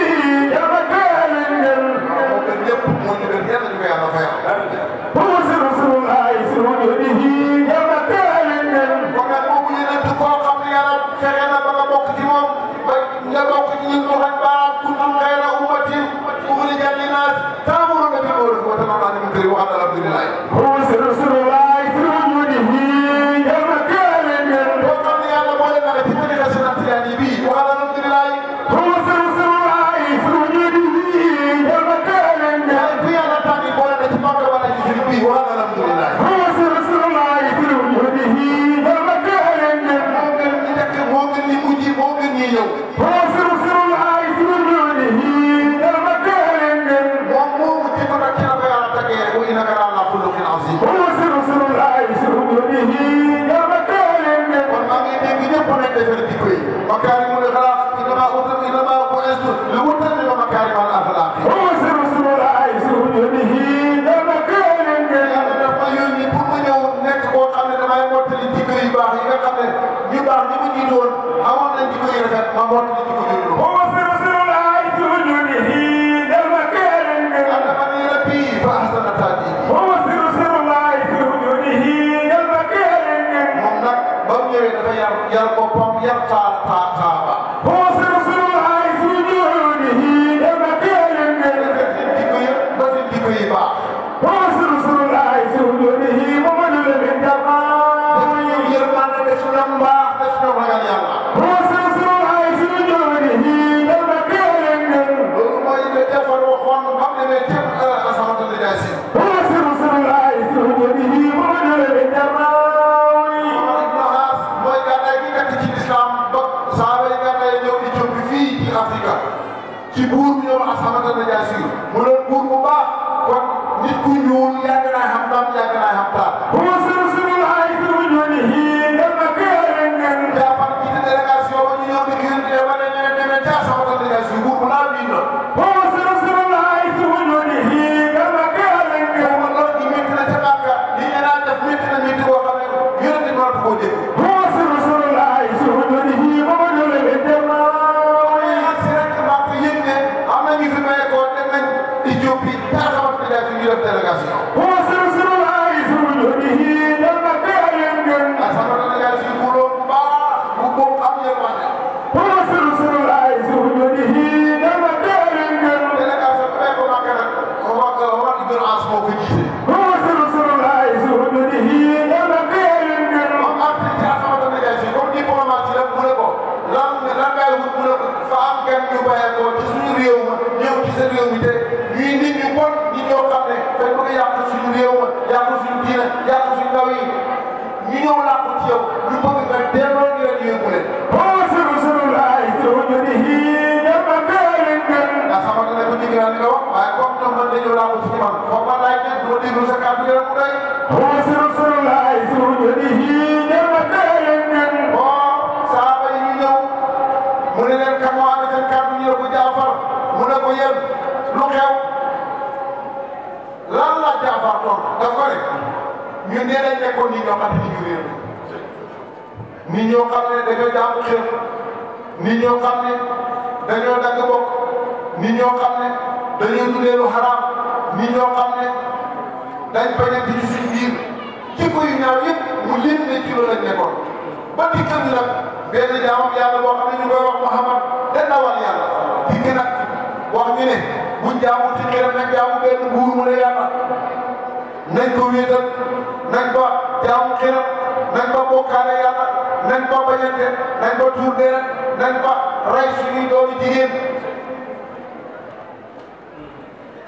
jigéen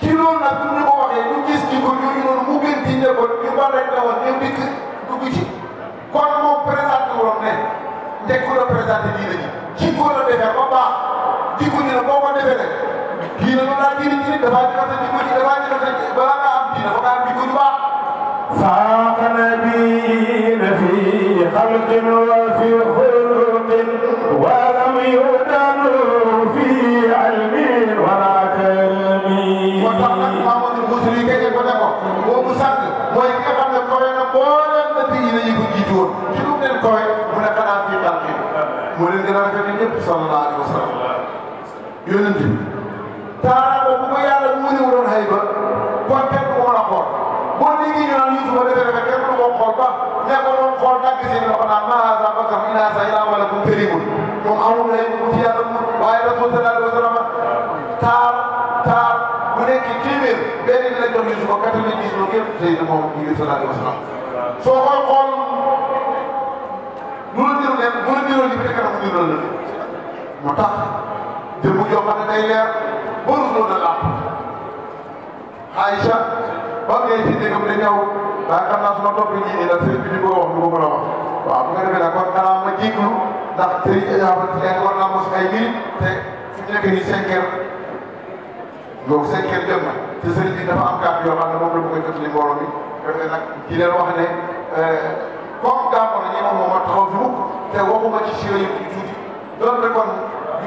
ci loolu nag bu ñu ko gis ci ko ñu noonu mu gën di ne ko ñu mën rek la woon ñëw dikk dugg ci kon moom présenté woon ne ndekku la présenté diine ci ko la defee ba baax jikko ñu ne boo ko defee rek diine loolu daal diine ji dafaa jëfante jikko ji dafaa jëfante balaa nga am diine ba nga am jikko ju baax فاق mboolem dëkk yi la ñu ko jiitu woon ci lu mu leen koy mu ne xanaa fii xalqi moo leen gën a rafet ñëpp sallallahu alayhi wa sallam yonent bi taara ko bu ko yàlla muuriwu doon xëy ba kon kenn du ko la xool boo déggee ñu naan lii suba defee rafet kenn du ko xool ba ña ko doon xool dàgg seen loxo naan ma haaza basharun in haaza illaa malakun kariimun moom amul lay mu ci yàlla mu waaye rasul sallallahu alayhi wa sallam taar taar bu nekk téeméer benn bi la jox li suba quatre-vingt-dix moom yëpp Seydina moom sallallahu alayhi wa sallam soo koy xool lu la niru leen bu la niroo li fi nekk rek niru la moo tax jëmm joo xam ne day leer ba rusloo na làpp Aïcha ba ngay si dégg xam naa su ma topp ñii nii la sëriñ bi ñu ko wax ma jéglu ay mbir te fu nekk nii cinq heures donc cinq te sëriñ dafa am kàddu yoo xam ne moom la bëgg a jot li mbooloo mi defee nag di leen wax ne kooku gàmmu la ñuy moom moo ma taxaw fi te waxuma ci si yu tuuti doon rek kon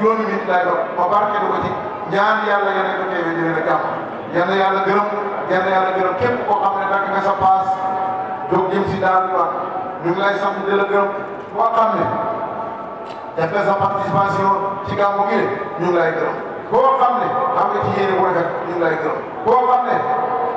juróomi nit laay ma barkeelu ko ci ñaan yàlla yéen a ko teewee yàlla gërëm yal na yàlla gërëm képp koo xam ne dagg nga paas jóg jëm si daal di wax ñu lay sant di la gërëm ne def nga sa participation ci gàmmu gi ñu ngi lay gërëm koo xam ne xam nga ci yéene bu rafet lay gërëm koo xam ne.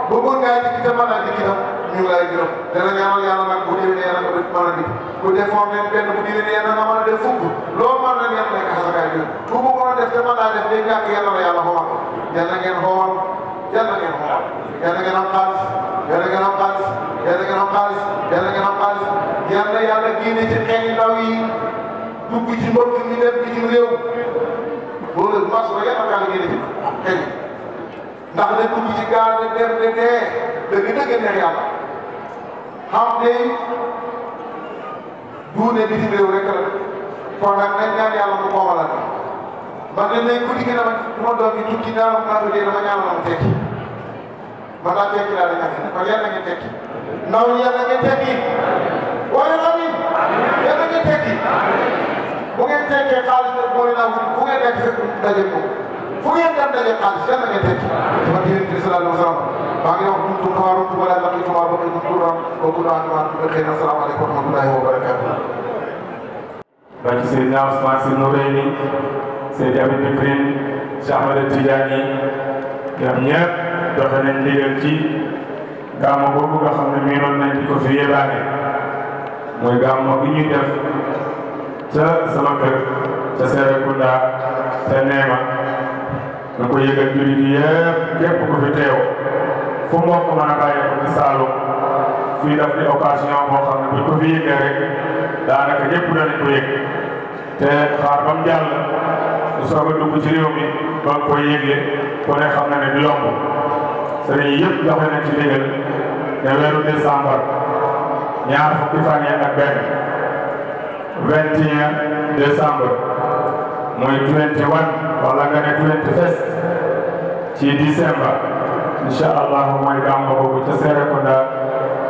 bëggoon ngaa dikk te mën naa dikk itam ñu ngi lay gërëm dana ñaanal yàlla nag bu déwénee yàlla nga bëgg mën a dikk bu defoon leen benn bu déwénee yàlla nga mën a def fukk loolu mën na neex nekk xasakaay bi bu bëggoon a def te mën naa def day ñàkk yàlla la yàlla xool yàlla ngeen xool yàlla ngeen xool yàlla ngeen am xaalis yàlla ngeen am xaalis yàlla ngeen am xaalis yàlla ngeen am xaalis yàlla yàlla génne ci xeeti ndaw yi dugg ci mbokk yi dem bitim réew loolu mas la yàlla kaa génne ci xeeti ndax da dugg ci gaal de dem de dee dëgg dëgg neex yàlla xam day duune bitim réew rek la kon nag nañ ñaan yàlla mu moomalal man de léegi ku diggee dama ma doom yi tukki daal ma ko dee dama ñaanal ma tekki man laa tekki daal dañu àgg kon yàlla ngeen tekki ndaw ñi yàlla ngeen tekki wala amiin yàlla ngeen tekki bu ngeen tekkee xaalis nag boole naa bu ngeen nekk fekk daje ko bu ngeen dem daje xaalis yàlla ngeen teg ma di leen di salaatu wa salaam maa ngi wax buntu xaaru wala laqi tuwaa ba mu turam ba ku daan waan bi xëy na salaamaaleykum wa rahmatullahi wa barakaatu baki Seydina Ousmane Sy Noureyni Seydi Abou Bikrine Cheikh Ahmed Tidiane ñoom ñëpp doxe nañ ndigal ci gàmmu boobu nga xam ne miinoon nañ di ko fi yébaane mooy gàmmu bi ñuy def ca sama kër ca Serekunda te Neema da ko yëgal jullit yi yëpp képp ku fi teew fu mbokk mën a bàyyi ko ci Saalum fii daf di occasion boo xam ne buñ ko fi yëgee rek daanaka ñëpp danañ ko yëg te xaar ba mu jàll su soog a dugg ci réew mi ba nga koy yëgle ku ne xam na ne du yomb sëriñ yëpp joxe nañ ci ndigal ne weeru décembre ñaar fukki fan yi ak benn vingt et un décembre mooy twenty one wala nga ne 21 ci décembre incha allah mooy gàmmu boobu ca Serekunda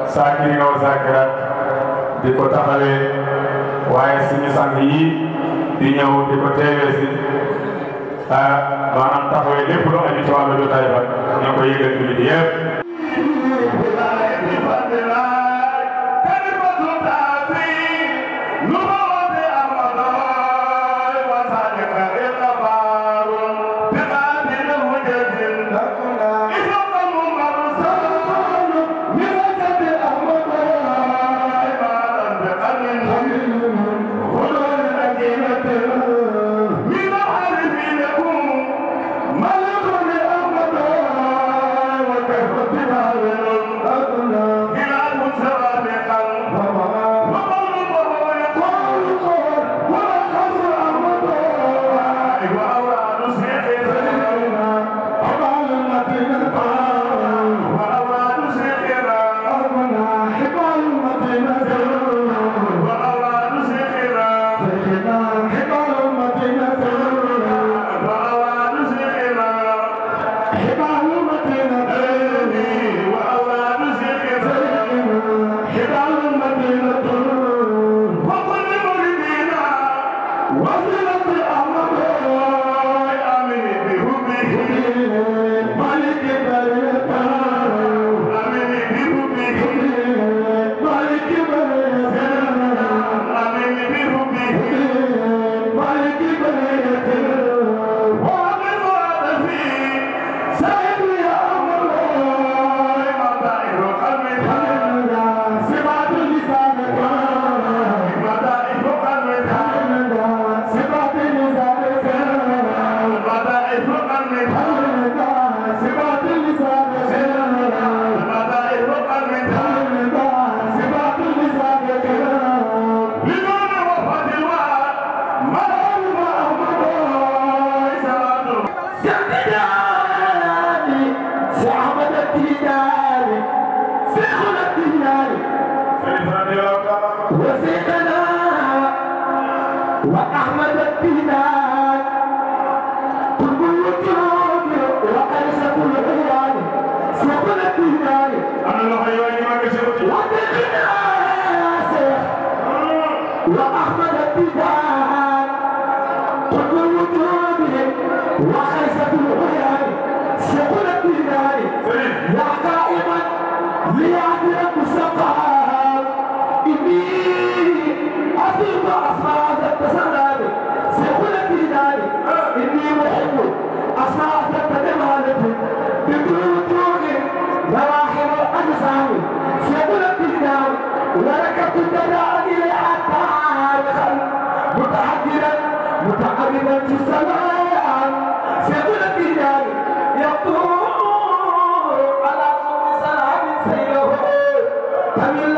saakirina wa saakirat di ko taxawee waaye suñu sang yi di ñëw di ko teewee si ah maanaam taxawee lépp lu aju ci wàllu jotaay ba ñu ko yëgal jullit yëpp থামিয়ে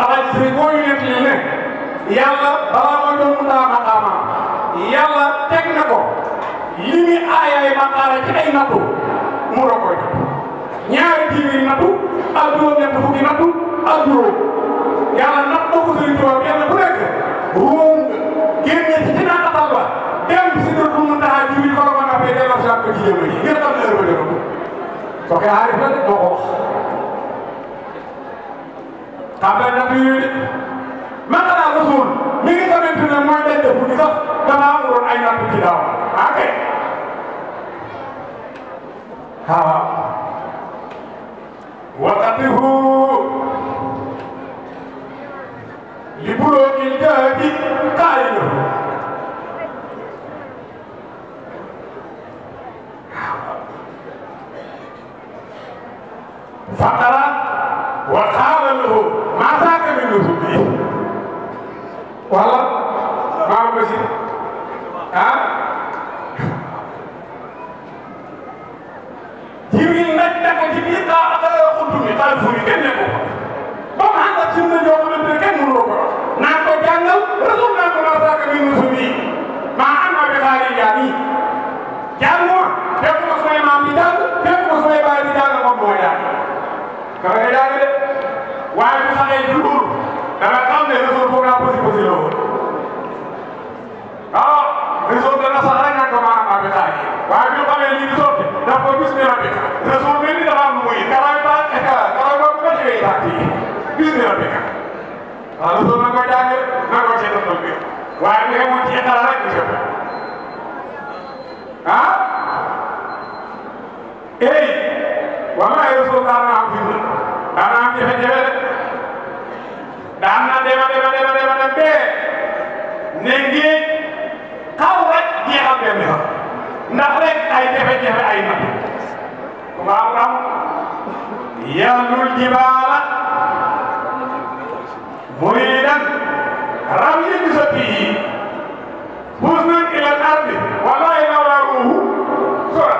alaaj si boo ñu nekk ne balaa mooy doon mu daa maqaama yàlla teg na ko li muy aayaay maqaara ci ay nattu mu doog koy ñaari jiw yi nattu ak juróom-ñett fukki nattu ak juróom yàlla natt ko Sëriñ Tuubaa kenn ku nekk ruum génne ci dina atal ba dem si dëkk mu taxaw jiw yi ko ko mën a fay delloo si waat ko ci yëngu yi ngeen xam ne heure ba delloo ko. ok aarif la de moo ko wax. xaaral nabi maanaam rasul mi ngi xamante ne mooy daj dëpp gi sax damaa amoon ay napp ci daaw ah kay waaw waqatihu li buluugil jaahi qaa'ila faqara wa qaala lahu ataaka min ufuqi wala maam ba si ah Jibril nag naka ci biir daa atala xuntu mi taal fu yi kenn nekku ba mu ànd ak sunna ñoo xamante ne kenn mënuloo ko naa ko jàngal rasul naa ko ataaka min ufuqi maa am na bi xaari yaa nii ay duur dana xam ne réseau boobu laa posi posi la woon ah réseau dana sax rek nag ma am abita yi waaye bi ñu xamee li ñu sotti daf ko gis ne abita réseau mel ni dafa am muy karay ba karay ba bu bëccëgee yi tàkk yi gis ne abita waaw réseau na koy jàng na ko cee def bi waaye bi xemoon ci état rek ñu jot ah ey wama réseau daan na am firnde daan na am jafe-jafe daan na dem a dem a dem a dem bee ne ngeen xaw rek jeexal dem yoon ndax rek ay jafe-jafe ay natt waaw waaw yalul jibaala muy nag raw yi gisati yi buus nañ ilal ardi wallahi nawaaruhu sura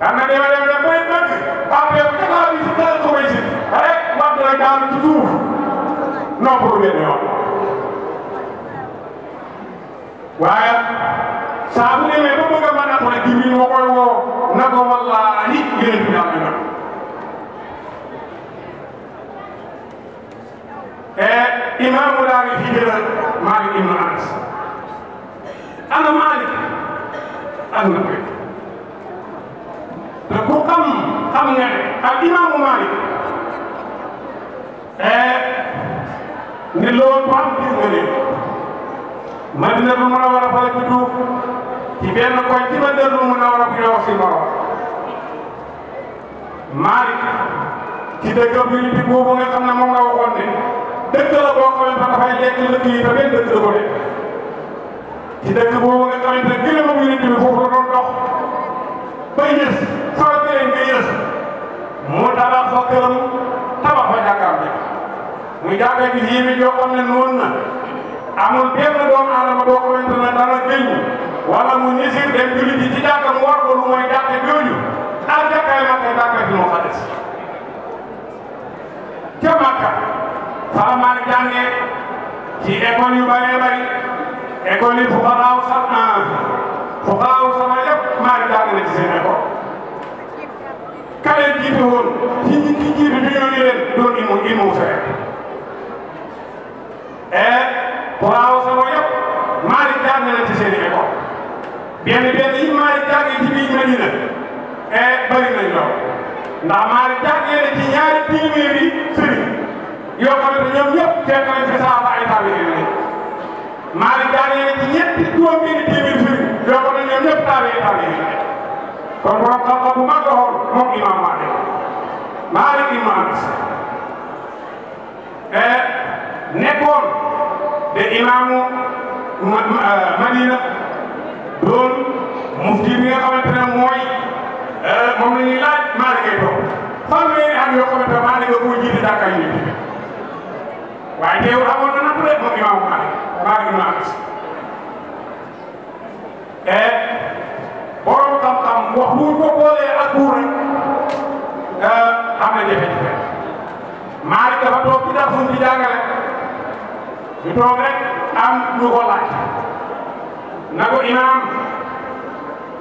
daan na dem a dem a dem bay bëgg rek war na daanu ci suuf non pour ngeen yoon waaye saa bu demee ba bëgg a mën a xool Jibril moo koy woo na ko wallaahi yéen fi am na e eh, imaamu daal di fi jëlal Malik ibnu Anas ana Malik ak na koy te ku xam xam ne ak imaamu Malik Eh, ni loolu bu am gis nga nii Madinatul Munawwara fa la juddu ci benn koñ ci Madinatul Munawwara bu ñuy wax si Moro Malick ci dëkkam yu bi boobu nga xam ne moom la waxoon ne dëkk la boo xamante ne dafay lekk lëkk yi ba benn dëkk la ko def dëkk boobu nga xamante ne gën a moom yonent bi foofu la doon dox ba yës soo gëlee nga yës mu tabax fa këram tabax fa jàkkaam bi mu jaaga bi yiibi ne noon na amul benn doomu aadama boo xamante ne dana génn wala mu nisir dem julli ji ci jàkka mu war ko lu mooy jàkka jooju ak jàkkay Makka jàkka ji ca Makka faa maa jàngee ci école yu bëree bëri école yi fuqaraaw sax ah, fuqaraaw sama yëpp ci seen ka leen jiite ci ñi ci jiite ñu ñëw leen doon imu imu et waaw sama yëpp Malick jàng na ci seen i école benn benn yi Malick jàng ci biir Madina et bëri nañ lool ndax Malick jàng na ci ñaari téeméeri sëriñ yoo xam ne ñoom ñëpp fekk nañ fi saaba ay tabi yi ne Malick jàng ci ñetti juróom benn téeméeri sëriñ yoo xam ne ñoom ñëpp tabi ay tabi yi ne kon borom xam-xam bu mag doxoon moom Imam Malick Malick Imam e, nekkoon de imaamu euh, Madina doon mufti nga xamante ne mooy euh, moom la ñuy laaj maa la koy nga koy jiite jàkkaay nit ñi waaye teewul amoon na natt rek moom imaamu Maalik maa ngi maa gis et borom xam-xam wax bu ko boolee ak buur rek euh, am na jafe-jafe Maalik dafa toog ci dara ñu toog am ñu ko laaj na ko imaam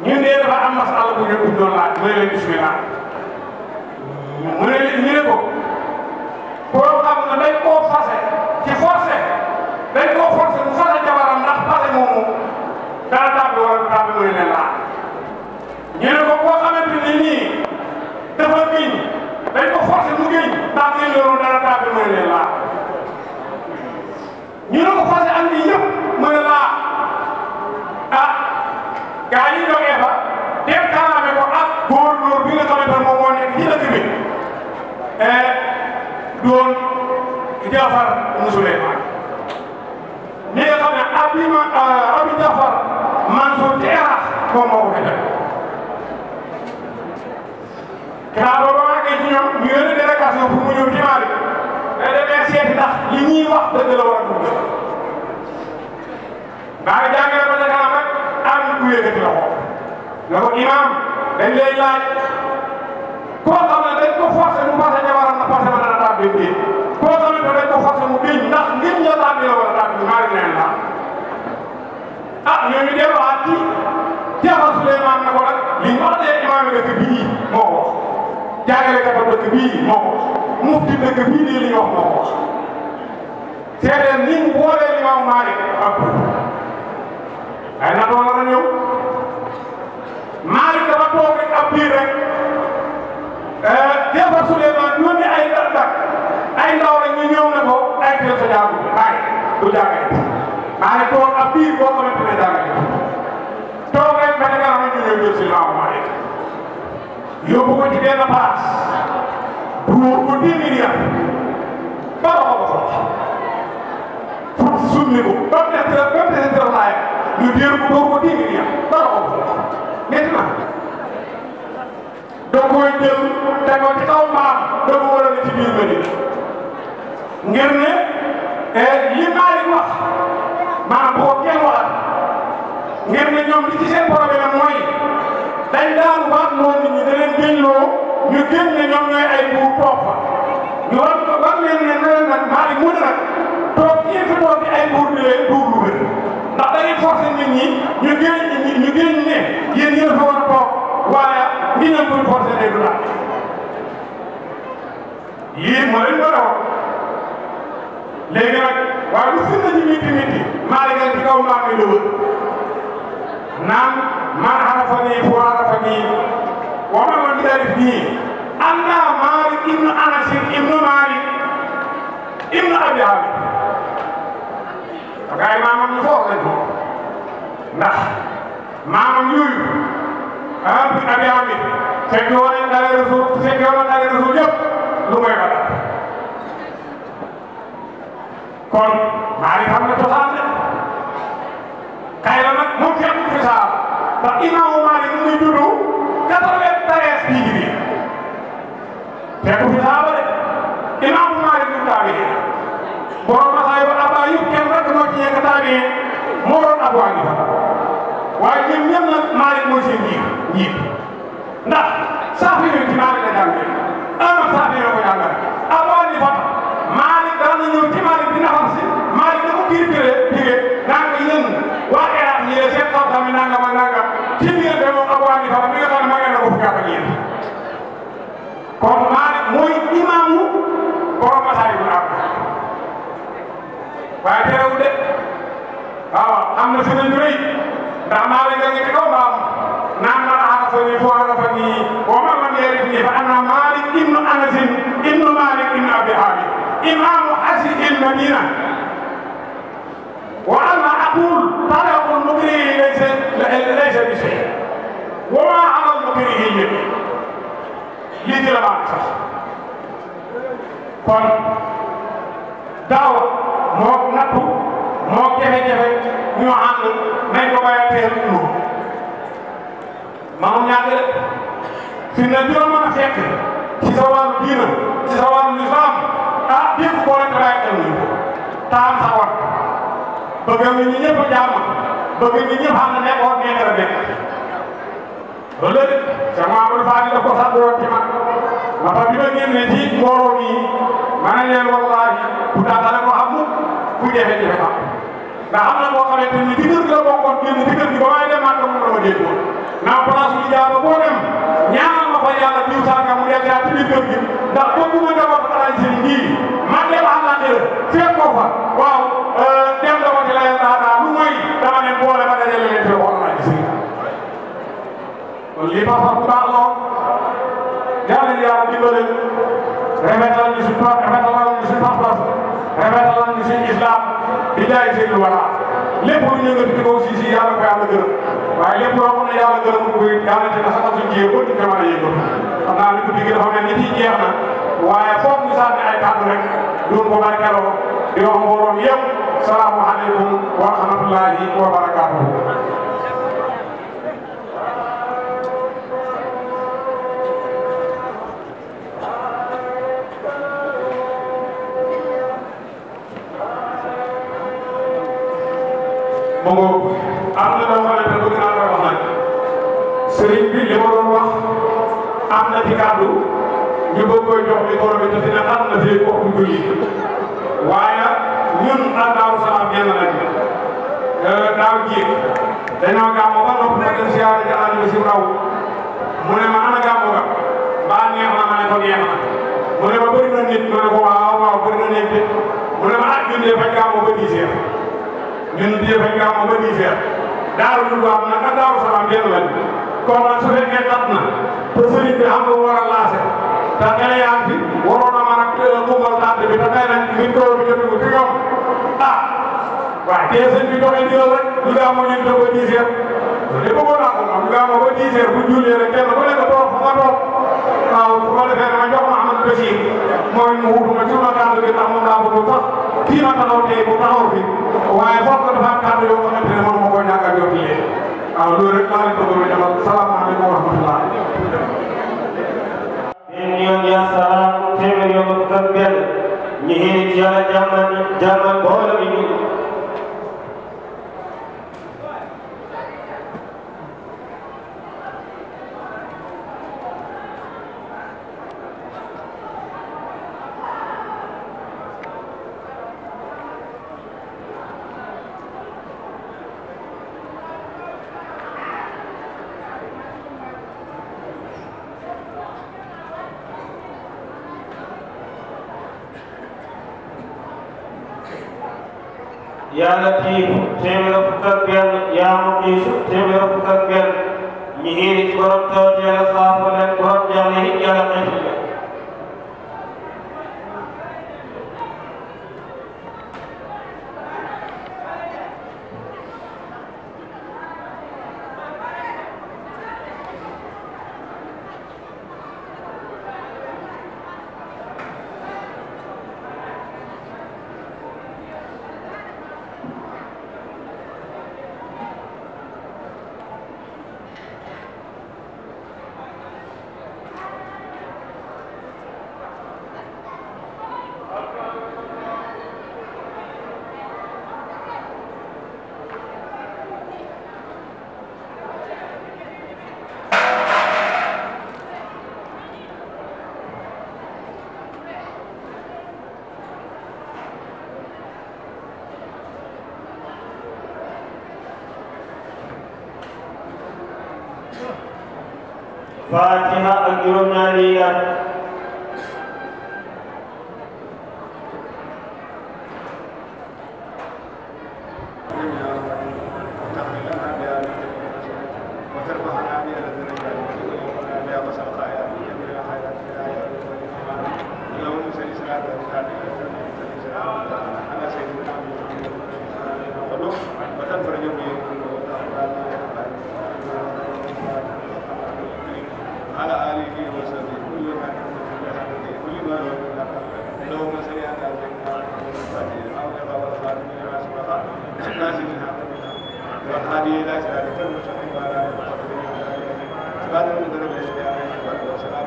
ñun de dafa am masala bu ngeen doon laaj mu ne leen bismillah mu ne koo xam ne dañ koo fase ci forcé dañ koo forcé mu fase jabaram ndax fase moomu dara tàbbi wala tàbbi mu ne leen laaj ñu ne ko koo xamante ne nii dafa giñ dañ ko forcé mu giñ ndax ngeen yoru dara tàbbi mu ne leen laaj ñu ne ko fase am ni mën a laa ah gaa yi jógee fa dem kalaame ko ak góor góor bi nga xamante moo nekk ci dëkk bi eh, doon Jaafar mu Suleymaan mi nga xam ne abi ma eh, abi Jaafar Mansour ci Iraq moom moo ko fi def kaa booba maa ngi ci ñoom ñu yónni délégation pour mu ñëw ci Mali te demee seeti ndax li ñuy wax dëgg la war a dund maa ngi jàngale ba ca kanam rek am ku yëkkati loxo ne ko imaam dañ lay laaj koo xam ne dañ ko forcé mu passé jabaram na passé ba dana tàbbi bi koo xam ne dañ ko forcé mu biñ ndax ngir ña tàbbi la war a tàbbi maa ngi leen laaj ah ñooñu delluwaat ci Cheikh Souleymane ne ko nag li ñu wax dee imaam yi dëkk bi ñii moo ko wax jàngale dafa dëkk bii bii nii mu boolee Imam Malik ak ay na doon war a ñëw Malik dafa toog rek ab biir rek defar eh, Souleymane ñoo ay ndax ay ndaw rek na ko ay teel sa jaagu bàyyi du jàngale Malik toog ab biir boo xamante ne jàngale toog rek ba nga xam ne ñu ñëw si Imam Malik yóbbu ko ci benn paas duur ko dix milliards ba la ko ko pour summi ko ba mu des ba mu des dërëm laayam ñu diir ko ko dix milliards ba la ko ko métti na da koy jël tegoo ci kaw mbaam da ko ci biir Medina ngir ne eh, li Malick wax maanaam bu ko kenn waxat delloo ñu gën ne ñoom ñooy ay buur toog ñu war war leen ne na nag maa ngi mën toog ñi fi toog di ay buur di leen duur lu wér ndax dañuy forcé nit ñi moo leen war a nag waaye lu firnde ci métti maa ngi leen ci kaw maa ngi lëwër naan man وما من ذلك فيه أن مالك ابن أنس ابن مالك ابن أبي عبد فقال إمام الفوق لديه ndax maamam yooyu ah bi abi abi fekk yoo leen dalee rasul fekk yoo leen lu koy bala kon maa ngi xam ne cosaan la kay la nag moom fekk fi saa ba imaamu Maalik mu ngi juddu quatre-vingt-treize hijri te ku fi saaba de imaamu Maalik du taabi'in borom masaayu Abaa Ayyuub kenn rek moo ci nekk taabi'in moo doon Abu Hanifa waaye ñoom ñoom nag Maalik mooy seen njiit njiit ndax saafi yooyu ci Maalik la jàngee un saafi yooyu ko jàngal Abu Hanifa Maalik daan na ñëw ci Maalik dina xam si Maalik dafa biir jëlee jigéen naan yéen waa Iraq yéen seen xam-xam yi nangam ak nangam kon Maalik mooy imaamu borom Masalikul Jinaan waaye terewul de waaw am na suñu njëriñ ndax Maalik nga ngi ci kaw baam naan man arafani fa arafani wa man lam yarifni fa ana Maalik ibnu Anas ibnu Maalik ibnu Abi Haabib imaamu asiil madina wa ana aqul talaqu mukrihi laysa laysa bi shay wa ma ala mukrihi jiite la baax sax kon daaw moo nattu moo jafe-jafe ñoo ànd nañ ko bàyyi teel ñu maanaam ñaata rek fi mu ne dina mën a ci sa wàllu diina ci sa wàllu lislaam ah démb boo leen ko bàyyi teel ñu taam sa war bëgg nit ñi ñëpp a jàmm bëgg nit ñëpp ànd nekkoon nekk la nekk loolu lépp Cheikh Mamadou Fadi la ko sàddu woon ci man ma fa bi ma génnee ci mbooloo mi ma ne leen wallaahi ku daanaka ko am ku jafe-jafe am ndax am na boo xamante ni diggante la bokkoon génn diggante ba may demaat ko mu dama dégg woon naa place bi jaaba boo dem ñaanal ma fa yàlla diw sànga mu def yaa ci biir kër gi ndax bëggu ma demoon xalaat seen ji man de wax la ne fekk ko fa waaw euh, dem dama ci lay laataa lu mooy dama ne boole ma dajale leen kon lii baax na baax lool yàlla yàlla dimbale rafetal ñu suñu rafetal ñu suñu pas-pas rafetal ñu jaay seen wala lépp lu ñu yëngatu ci kaw si si yàlla ko waaye lépp loo xam ne yàlla gërëm ko yàlla ci saxal suñu jiyee ñu jamono yëngatu xam naa li ko ni ci na waaye foog ñu sànni ay kàddu rek doon ko barkeloo di wax mbooloom salaamu aleykum wa rahmatullahi ma ngoog am na loo xam ne bëgg naa ko wax nag sëriñ bi li ma doon wax am na ci kàddu ñu bëgg koy jox micro bi te fi ne xam na fii kooku julli waaye ñun ak Daaru Salaam genn lañ euh, daaw jéeg dañoo gàmmo ba nopp nekk siyaare ci àll bi si raw mu ne ma ana gàmmo ga ba neex na ma ne ko neex na mu ne ma bëri na nit ma ne ko waaw waaw bëri na nit mu ne ma at ah, ñun de fañ gàmmo ba 10 heures yonent yi dafay gàmm ba Niger Daaru Muxti nag ak Daaru Salaam genn lañ kon nag su a laase te tey yaa ngi fi waroon a mën a buumal tànt bi te tey nag liñ tool bi jotu ko ci ñoom ah waaye te sëñ bi doxee ndigal rek ñu gàmmoo ñu dem ba Niger li bëggoon naa ko am ñu gàmmoo ba Niger bu juulee rek kenn ku nekk toog fa nga toog waaw ma defee dama jox Mouhamadou Bachir mooy mu wutuma ci ma tànt bi ndax moom laa bëgg sax kii na taxaw tey bu taxaw fi waaye foofu ko dafa am kàddu yoo xamante ne mënu ma koo ñàkk a jotalee waaw loolu rek laa leen ko doon defal salaamaaleykum wa rahmatulah. min yoon yaa salaam téeméer yoo ko fukk ak benn ñu xëy jaara jàmmal jàmmal boole bi ñu Yusuf Demir Fukakbel Nihir Ibarat Tawajah Safa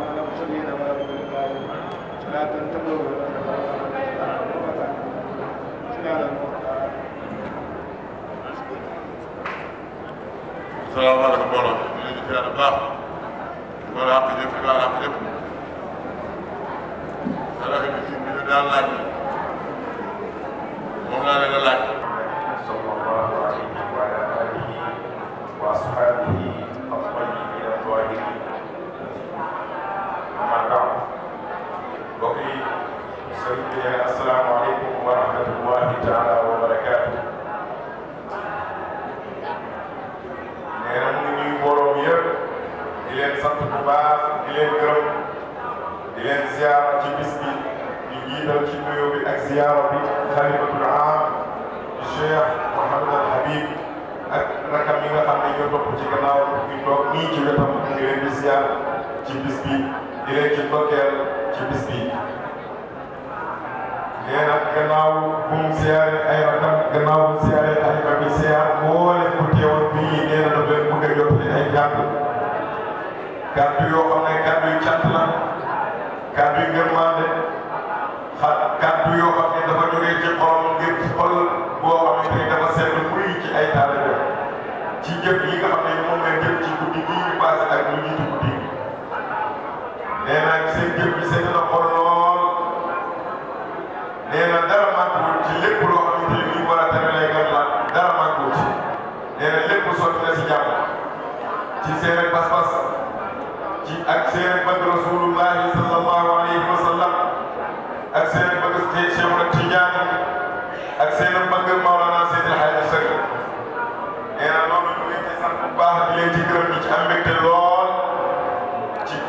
المرسلين وعلى الكافرين Selamat تنتظروا Selamat borom Selamat ngi Selamat yàlla ndokkeel ci bis bi gannaaw bu mu ay rakam gannaaw bu mu siyaare ay rakam yi siyaar boole ku teewoon bii nee na daf a jottali ay kàddu kàddu yoo xam ne kàddu yu cant la kàddu yu ngërmaande xat kàddu yoo xam ne dafa jógee ci xolam ngir xol boo xamante ni dafa sedd muy ci ay taalibe ci jëf yi nga ne moom la jëf ci guddi gii ñu passé ak lu jiitu nee na seen jëf lépp loo xamante ni bii war a la dara màgguwul ci nee na lépp sotti na si jàmm ci seen ak pas ak seen ak rasulullahi sallallahu alayhi wa ak seen ak bëgg Cheikh Tidiane ak ak bëgg Maolana Seydil Hadji Seck nee na noonu ñu ngi ci sant bu baax ci gërëm ñu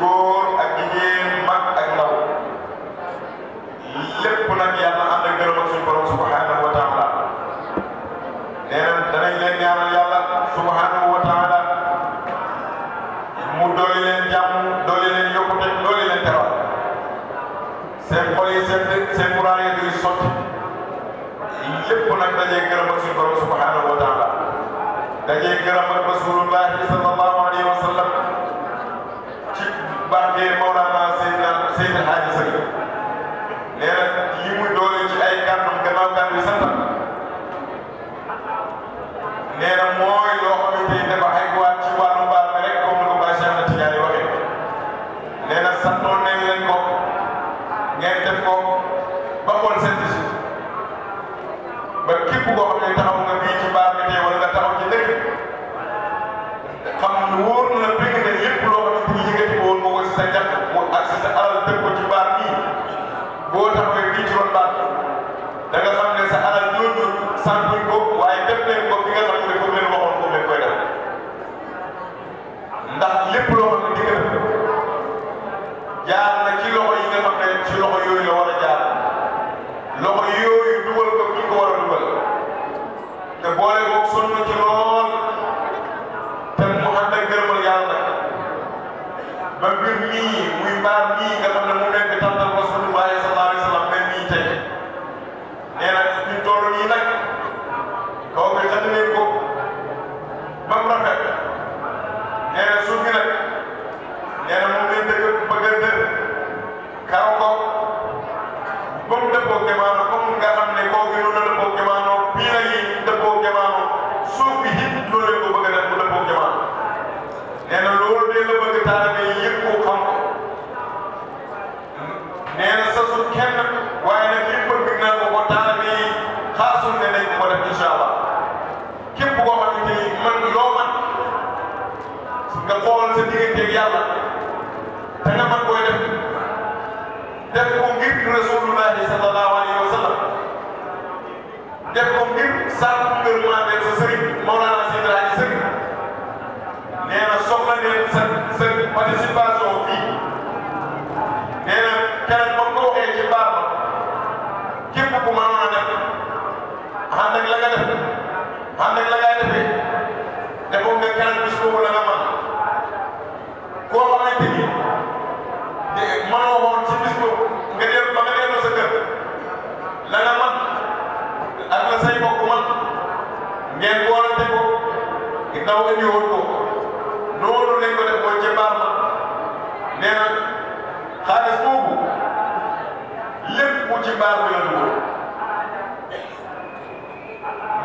góor ak jigéen mag ak ndaw lépp nag yàlla ànd ak gërëm ak suñu borom subhanahu wa taala nee na danañ leen ñaanal yàlla subhanahu wa taala mu dooli leen jàmm dooli leen yokkute dooli leen teral seen xol yi seen seen muraan yi duy sotti lépp nag dajee gërëm ak suñu borom subhanahu wa taala dajee gërëm ak rasulullahi sallallahu alayhi wa sallam barke Mawlana Seydina Seydina Hadji Sëriñ nee na li mu doole ci ay kàddu gannaaw kàddu santam nee na mooy loo xamante ni dafa ay boo taxawee fii ci ron baat da nga xam ne sa alal jooju santuñ ko waaye def leen ko fi nga xam ne foofu leen waxoon foofu leen koy def ndax lépp loo xam ne digal jaar na ci loxo yi nga xam ne ci loxo yooyu la war a jaar loxo yooyu dugal ko fi ko war a dugal te boole boobu sonn ci lool te mu ànd ak gërëmal yàlla ba mbir mii muy mbaar mii nga xam ne mu nekk xoolal sa digganteeg yàlla te nga mën koy def def ko ngir rasulullahi sallallahu alayhi wa sallam def ko ngir sàkku ngërmaande sa sëriñ Maolana Seydi El Hadji Sëriñ nee na soxla ngeen sa sa participation fii nee na keneen ba ko waxee ci baax képp ku mënoon a def ànd ak la nga def ànd ak la ngay defee te moom nga keneen bis boobu la nga mën boo xamante ni te mënoo woon ci nga dem ba nga delloo sa kër la nga mën ak la say mbokk mën ngeen boolante ko ginnaaw indi woon ko noonu ko def mooy ca baar ma nee na xaalis boobu lépp ku ci baar bi la dugg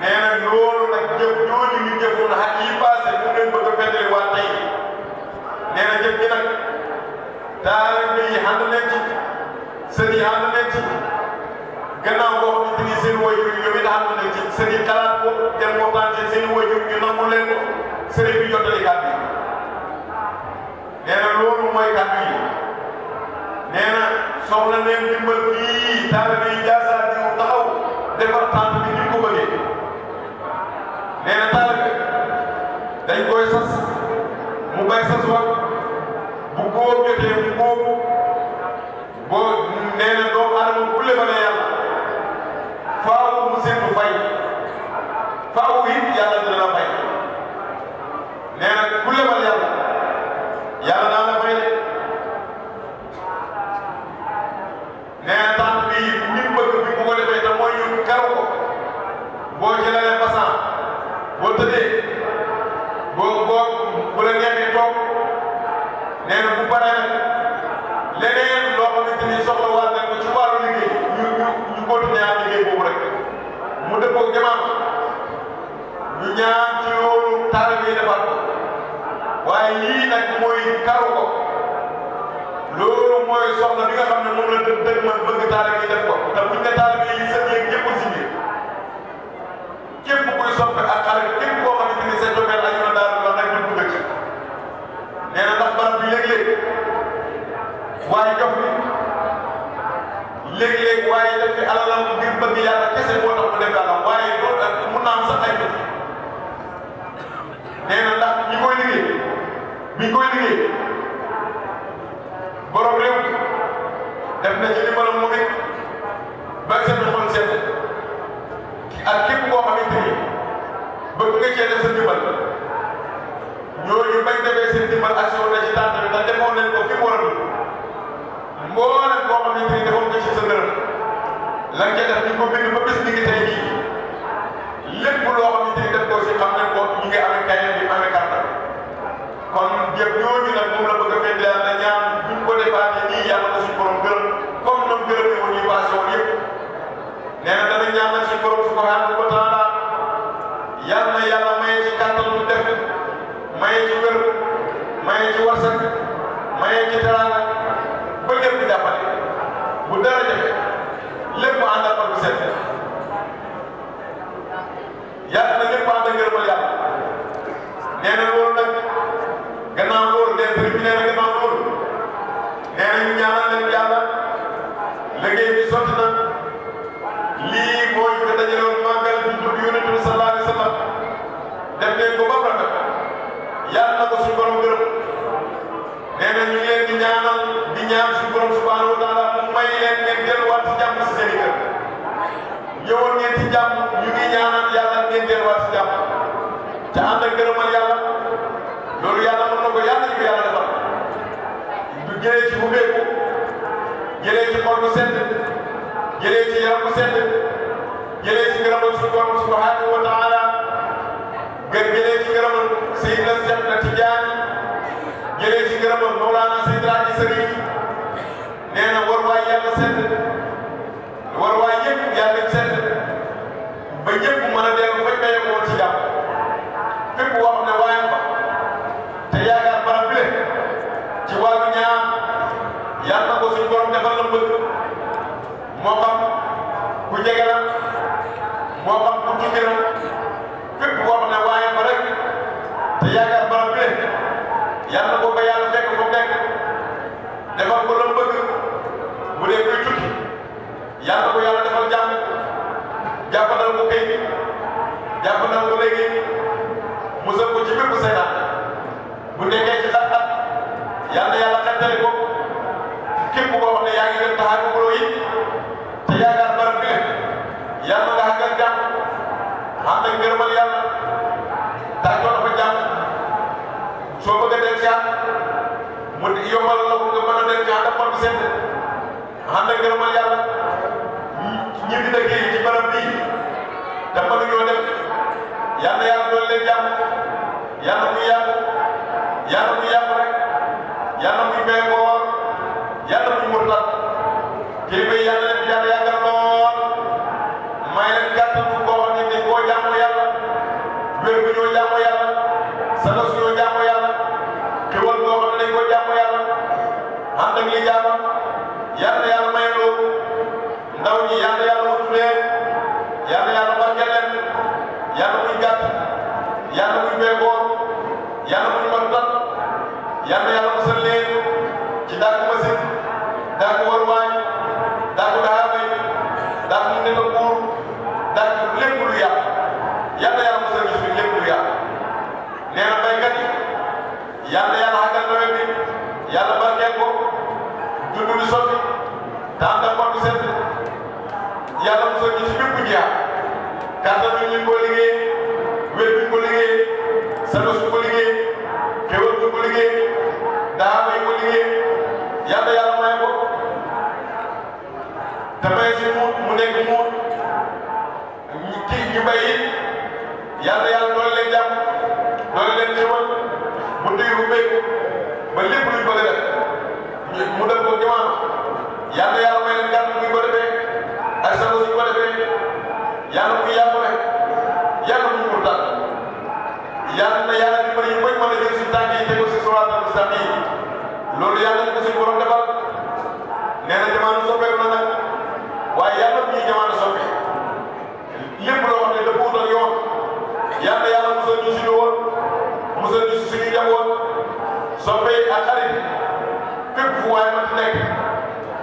nee na loolu nag jëf ñooñu ñu jëfoon xaj nee na jëf gi nag daara bi ànd yi ànd leen ci gannaaw boo xam ne bii seen wajur yi ñoom it ànd yi xalaat ko dem waxtaan ci seen wajur ñu leen ko bi jottali yi nee na loolu mooy kàddu yi nee na soxla leen dimbal fii taalibe yi jaasaat bi mu taxaw defar tànk bi ñu ko bëggee nee na taalibe koy sas. mu bay sa suba bu góor jotee mu góobu boo nee na doomu aadama bu lebalee yàlla faaw mu seetlu fay faaw it yàlla dina la fay nee na ku lebal yàlla yàlla naa la fay de nee na bi ni mu bi bu ko defee te mooy ñu karu ko boo jëlalee basan boo tëddee boo boo bu la neexee toog nee na bu paree leneen loo xamante ni soxla war nañ ko ci wàllu liggéey ñu ñu ñu continuer ak liggéey rek mu dëppoo jamono ñu ñaan ci loolu taal waaye lii nag mooy karu ko loolu mooy soxla bi ne moom la dë man bëgg taal bi def ko te buñ ne taal bi yi sën yeeg ñëpp si kuy soppe ak xale képp koo xamante ni sa jomeel la ñu nee na ndax barab bi léeg-léeg waaye jox bi léeg-léeg waaye def fi alalam ngir bëgg yàlla kese moo tax mu def alalam waaye loolu ak mun naa am sax ay ndax ñi koy liggéey bi ñu koy liggéey borom réew na ci li borom ba seen xol seet ak képp koo xamante ni bëgg nga cee def sa ndimbal ñooñu bañ defee seen dimbal action la ci daan tamit te defoon nañ ko fi mu war a dugg mboolem boo xam ne nii defoon nga ci sa dërëm la nga def ñu ko bind ba bés bi ngi tey jii lépp loo xam ne nii def ko si xam nañ ko ñu ngi amee kaye bi amee kàttan kon yëpp ñooñu nag moom la bëgg a fekk na ñaan buñ ko defaatee nii yàlla na suñu borom gërëm comme ñoom gërëm yi woon ñu passé woon yëpp ñaan nag borom subhanahu wa taala maye ci wér maye ci warsak maye ci teraanga ba ñëpp di jàppale bu dara jafe lépp mu ànd ak bu set yàlla na lépp ànd ak ngërëmal yàlla nee na loolu nag gannaaw loolu bi nee na gannaaw loolu nee na ñu ñaanal leen sotti na lii mooy ko dajaloon màggal bi tudd yonent bi sallallahu alayhi wa sallam def ko ba rafet yàlla na ko suñu borom gërëm nee ñu leen di ñaanal di ñaan suñu borom subhanahu wa taala mu may leen ngeen delluwaat si jàmm si seen i kër ñëwoon ngeen ñu ngi ñaanal yàlla ngeen delluwaat si jàmm te ànd ak gërëmal yàlla loolu yàlla mën na ko yàlla ñu ko yàlla defal du jëlee ci bu beeku ci xol bu sedd ci yaram bu sedd jëlee ci gërëmal suñu borom subhanahu wa nga jëlee ci ngërëmal Seydina Cheikh na Tidiane jëlee ci ngërëmal Mawlana Seydina Aji Sëriñ nee na war waay yàlla sedd war waay yëpp yàlla sedd ba ñëpp mën a dellu fañ béye woon ci jàpp ne waayam ba te yaakaar barab bi moo xam ku jege moo xam ku tuuti la fépp boo xam ne waaye ma rek te yaakaar barab bi yàlla na ko ba yàlla fekk fu nekk defal ko lan bëgg bu dee koy tukki yàlla na ko yàlla defal jàmm jàppandal ko kay bi jàppandal ko léegi musal ko ci bépp seetaan bu nekkee ci xat-xat yàlla na yàlla xettali ko képp koo xam ne yaa ngi gën yi te yaakaar barab bi yàlla nga xàggal jàmm ànd ak ngërëmal yàlla dara jox ko soo bëgg a denc yaat mu yombal la ko nga mën a denc ànd ak xol bu sedd ànd ak ngërëmal yàlla ñi di yi ci barab bii te mënuñoo def yàlla yàlla doon leen jàmm yàlla muy yàgg yàlla muy yàgg rek yàlla muy béy woor yàlla muy murtal kii bi yàlla leen yàlla yàggal lool may leen gàttal bëri bu ñoo jaamu yàlla saga suñoo jaamu yàlla xewal boo xam ne dañ ko jaamu yàlla ànd ak li jaama yàlla yàlla may loolu ndaw ñi yàlla yàlla wutu leen yàlla yàlla barke leen yàlla buñ gàtt yàlla buñ beekoor yàlla buñ mën tan yàlla yàlla musal leen ci dàkk masin dàkk warwaay dàkk daara bay dàkk nekk buur dàkk lépp lu yàq yàlla yàlla nee na béykat yi yàlla yàlla xagal nawet bi yàlla barkeel ko dund lu sotti daan da kottu set yàlla mosoo ñu ci bépp jiyaar kàttan bi ñu ko liggéey wér bi ko liggéey salo su ko liggéey xéwal bi ko liggéey daa may ko liggéey yàlla yàlla may ko dafay si mu mu nekk muut ñu kii ñu bay it yàlla yàlla doole leen jàmm loolu leen ñu wan bu nuyu bu béy ba lépp luñ a def mu def ko jamono yal na yàlla may ko defee ay sago ñu ko defee yal na muy yàqule yal na muy murtal yal na yàlla di may bañ mën a jël si tànk yi ko suñu borom defal nee na jamono soppeeku na nag waaye yàlla bu ñuy jamono soppeeku lépp loo xam ne dëppoo ak yoon yal musal ñu si suñuy njaboot soppe yi ak xarit fépp fu waay ma nekk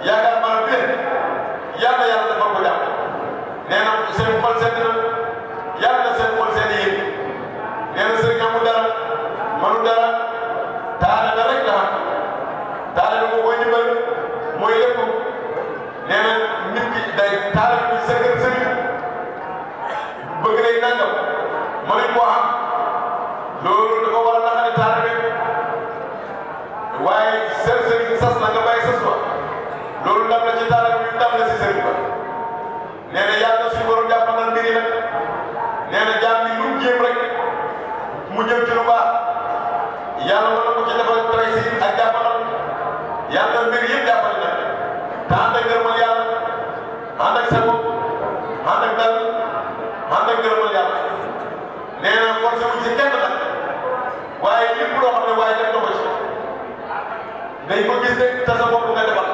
yaakaar maa ngi leen yàlla yàlla dafa ko jàpp nee na seen xol na yàlla seen xol sedd yéen nee na sëriñ amul dara dara taale la rek la taale la moo mooy lépp nee na nit ki day taale bi sëgër sëriñ bëgg day nangam mënuñ koo loolu dafa war a naqari taalibe waaye seen sëriñ sas la nga bàyyi sas ba loolu ndam la ci taalibe bi la si sëriñ ba nee na yàlla suñu borom jàppandal mbir yi nag nee na jaam bi lu mu jéem rek mu jëm ci lu baax yàlla war na ko ci defal tracé ak jàppandal yàlla mbir yëpp jàppal na te ànd ak gërëmal yàlla ànd ak sa bopp ànd ak dal ànd ak gërëmal yàlla nee na forcé wu ci kenn nag waaye lépp loo xam ne waaye def na ko ci dañ ko gis rek te sa bopp nga defal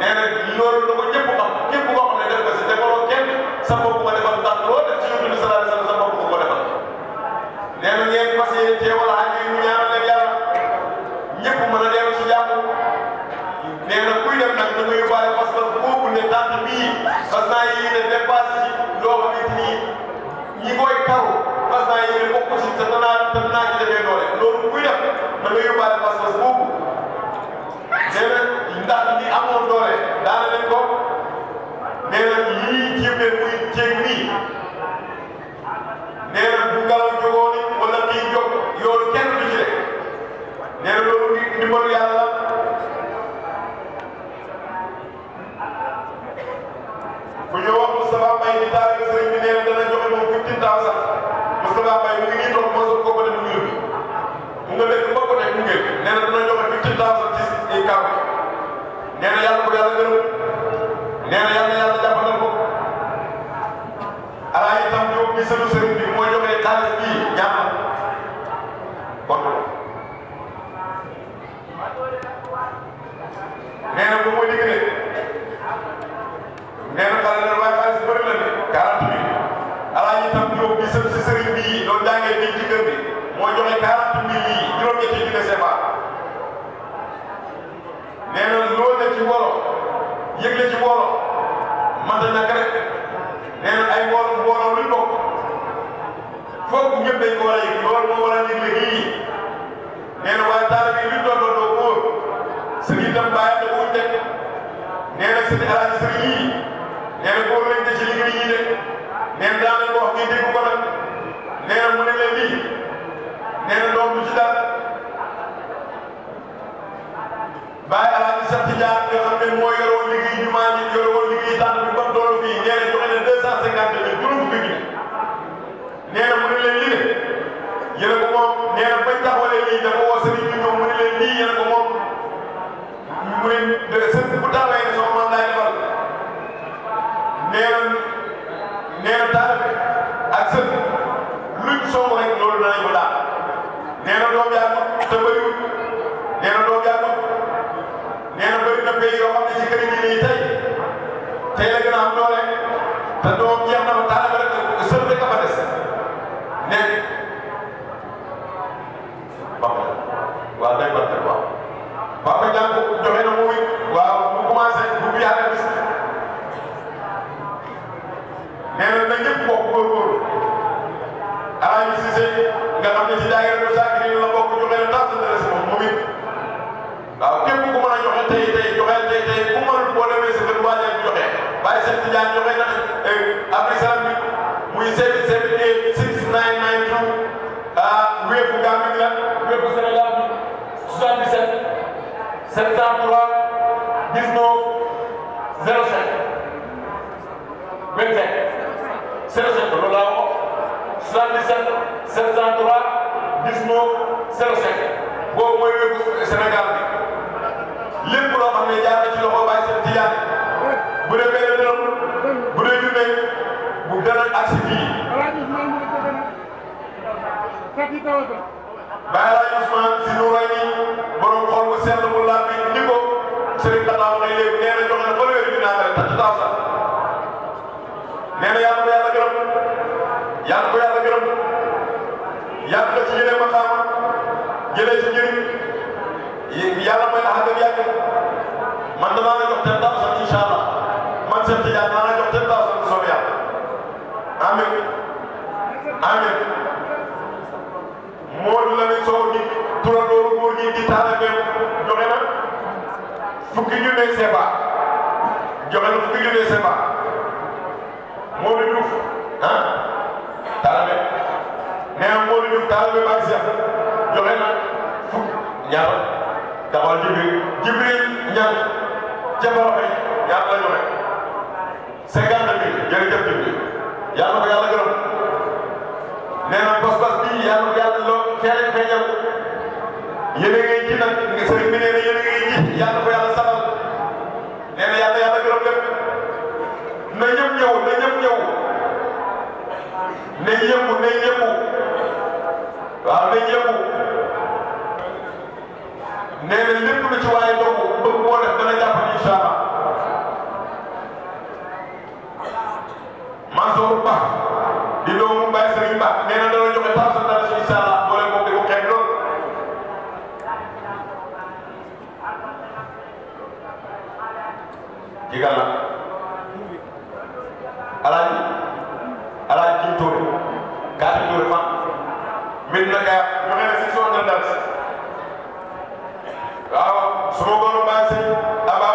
nee na loolu la ko ñëpp xam képp koo xam ne def ko si defaloo kenn sa bopp nga defal ndax loo def ci yóbbu ni sa laaj sa bopp nga ko defal nee na ngeen fas yéene teewal aaj yi ñu ñaanal leen yàlla ñëpp mën a dellu si jàmm nee na kuy dem nag na nga yóbbaale parce que boobu ne tànk bii fas naa yéene dépassé ci loo xam ne nii ñi koy kaw fas naa yéene ci te danaa te danaa ci defee doole loolu kuy def da nga yóbbaale na ndax ñi amoon doole daana leen ko nee na yii jéem leen muy jéeg nii nee na bu kii jóg yoonu kenn du ci rek nee na loolu ndimbalu yàlla bu ñu wax Moustapha Mbaye di taal sëriñ bi nee na dana sëñ Talla sax Moustapha Mbaye mi ngi nii toog moo soog kooku dem mu yóbbi mu nga nekk mbokk nekk mu ngeen nee na dina joxe fii ci Talla ci ay kàmb nee na yàlla ko yàlla gërëm nee na yàlla yàlla jàppandal ko ala itam ñoom bi sënu sëriñ bi mooy joxe xaalis bii ñàkk kon nee na bu ma diggante nee na xale na waaye xaalis bëri na de alaaji tam Diop sëriñ bi doon jàngee fii ci kër bi moo joxe quarante mille yi juróom-ñetti ñu desee baax nee na loolu la ci mbooloo yëgle ci mbooloo mënta ñàkk rek nee ay mbooloo mbooloo luñ bokk foog ñëpp dañ ko war a yëg loolu moo war a nii nee na waaye taal bi luñ doon doon doo wóor sëriñ tam bàyyi da koo teg nee na sëriñ alaaji yi nee na boo ci liggéey yi de. ñi dégg ko nag nee na mu ne leen lii nee na doom bi ci dara bàyyi alaaji sax ci jaar nga xam ne moo ji yoroon liggéey tànn bi ba doolu fii nee na joxe na deux cent cinquante mille juróom fukki bi nee na mu ne moom nee na bañ taxawalee lii dafa woo sëriñ bi ñoom mu ne leen lii yéen moom mu ne bu taxawee ne sama maam laay defal nee na song rek loolu danañ ko daal nee na doom yaa ngi te bëriwul nee na doom yaa ngi nee na bëri na pays yoo xam ne ci kër yi nii tey tey la gën a am doole te doom jeex na ba daanaka rek sëb rek a fa des nee waaw waaw day baax waaw waaw ba jàng joxe na mu waaw mu commencé bu yàlla bis nee na na ñëpp bokk góorgóorlu Ibrahima Cissé nga xam ne ci daayira bu Saakiriin la bokk joxe na tax na si moom moom it waaw képp ku mën a joxe tey tey joxe tey tey ku mënul boo demee si kër waajal bi joxe bàyyi seen tijaan joxe na eh, Abdou Salam bi muy sept sept eight six nine nine two ah wéefu Gambie bi la wéefu Sénégal bi 77 703 19 07 27 07 loolu laa wax 77 703 19 05 boobu mooy wébu Sénégal bi lépp loo xam ne jaar na ci loxo Baye Cheikh Tidiane bu dee benn dërëm bu dee junne bu dara ak si fii Baye Laaj Ousmane si nu rey nii borom xol bu sell bu laaj bi ni ko Serigne Tata wax na léegi nee na jox na fanweeri bi naa mel tax ci taw sax yàlla ko yàlla gërëm yàlla ko ci ci njëriñ yàlla mooy tax a gëm yàgg man damaa la jox ten daa sax incha allah man seen tijaan naa la jox ten daa la ne soo di turandoo góor ñi di taalabeem joxe na fukki ñu ne seeba joxe na fukki ñu ne seeba Modou ah taalibe nee na moo di taalibe Baay Seex joxe na fukk ñaar dawal Jibril Jibril ñaar jabar fay ñaar la joxe cinquante mille jërëjëf Jibril yàlla ko yàlla gërëm nee na bas bas bi yàlla ko yàlla loo feeñ feeñal yéen a ngay ji nag sëriñ nee na yéen a ngay ji yàlla ko yàlla nee na yàlla yàlla gërëm lépp na ñëpp ñëw na ñëpp ñëw nay yëngu nay yëngu waaw nay yëngu nee na lépp lu ci waaye dogu bëgg moo def dana jàpp incha allah Mansour Ba di doomu Baye Serigne Ba nee na dana joxe trois cent ans incha allah doole moom di ko xeeb lool jigal la alaaji Gare Ndour man mbir na gare mu ne la si zone de Ndar waaw su ma góor a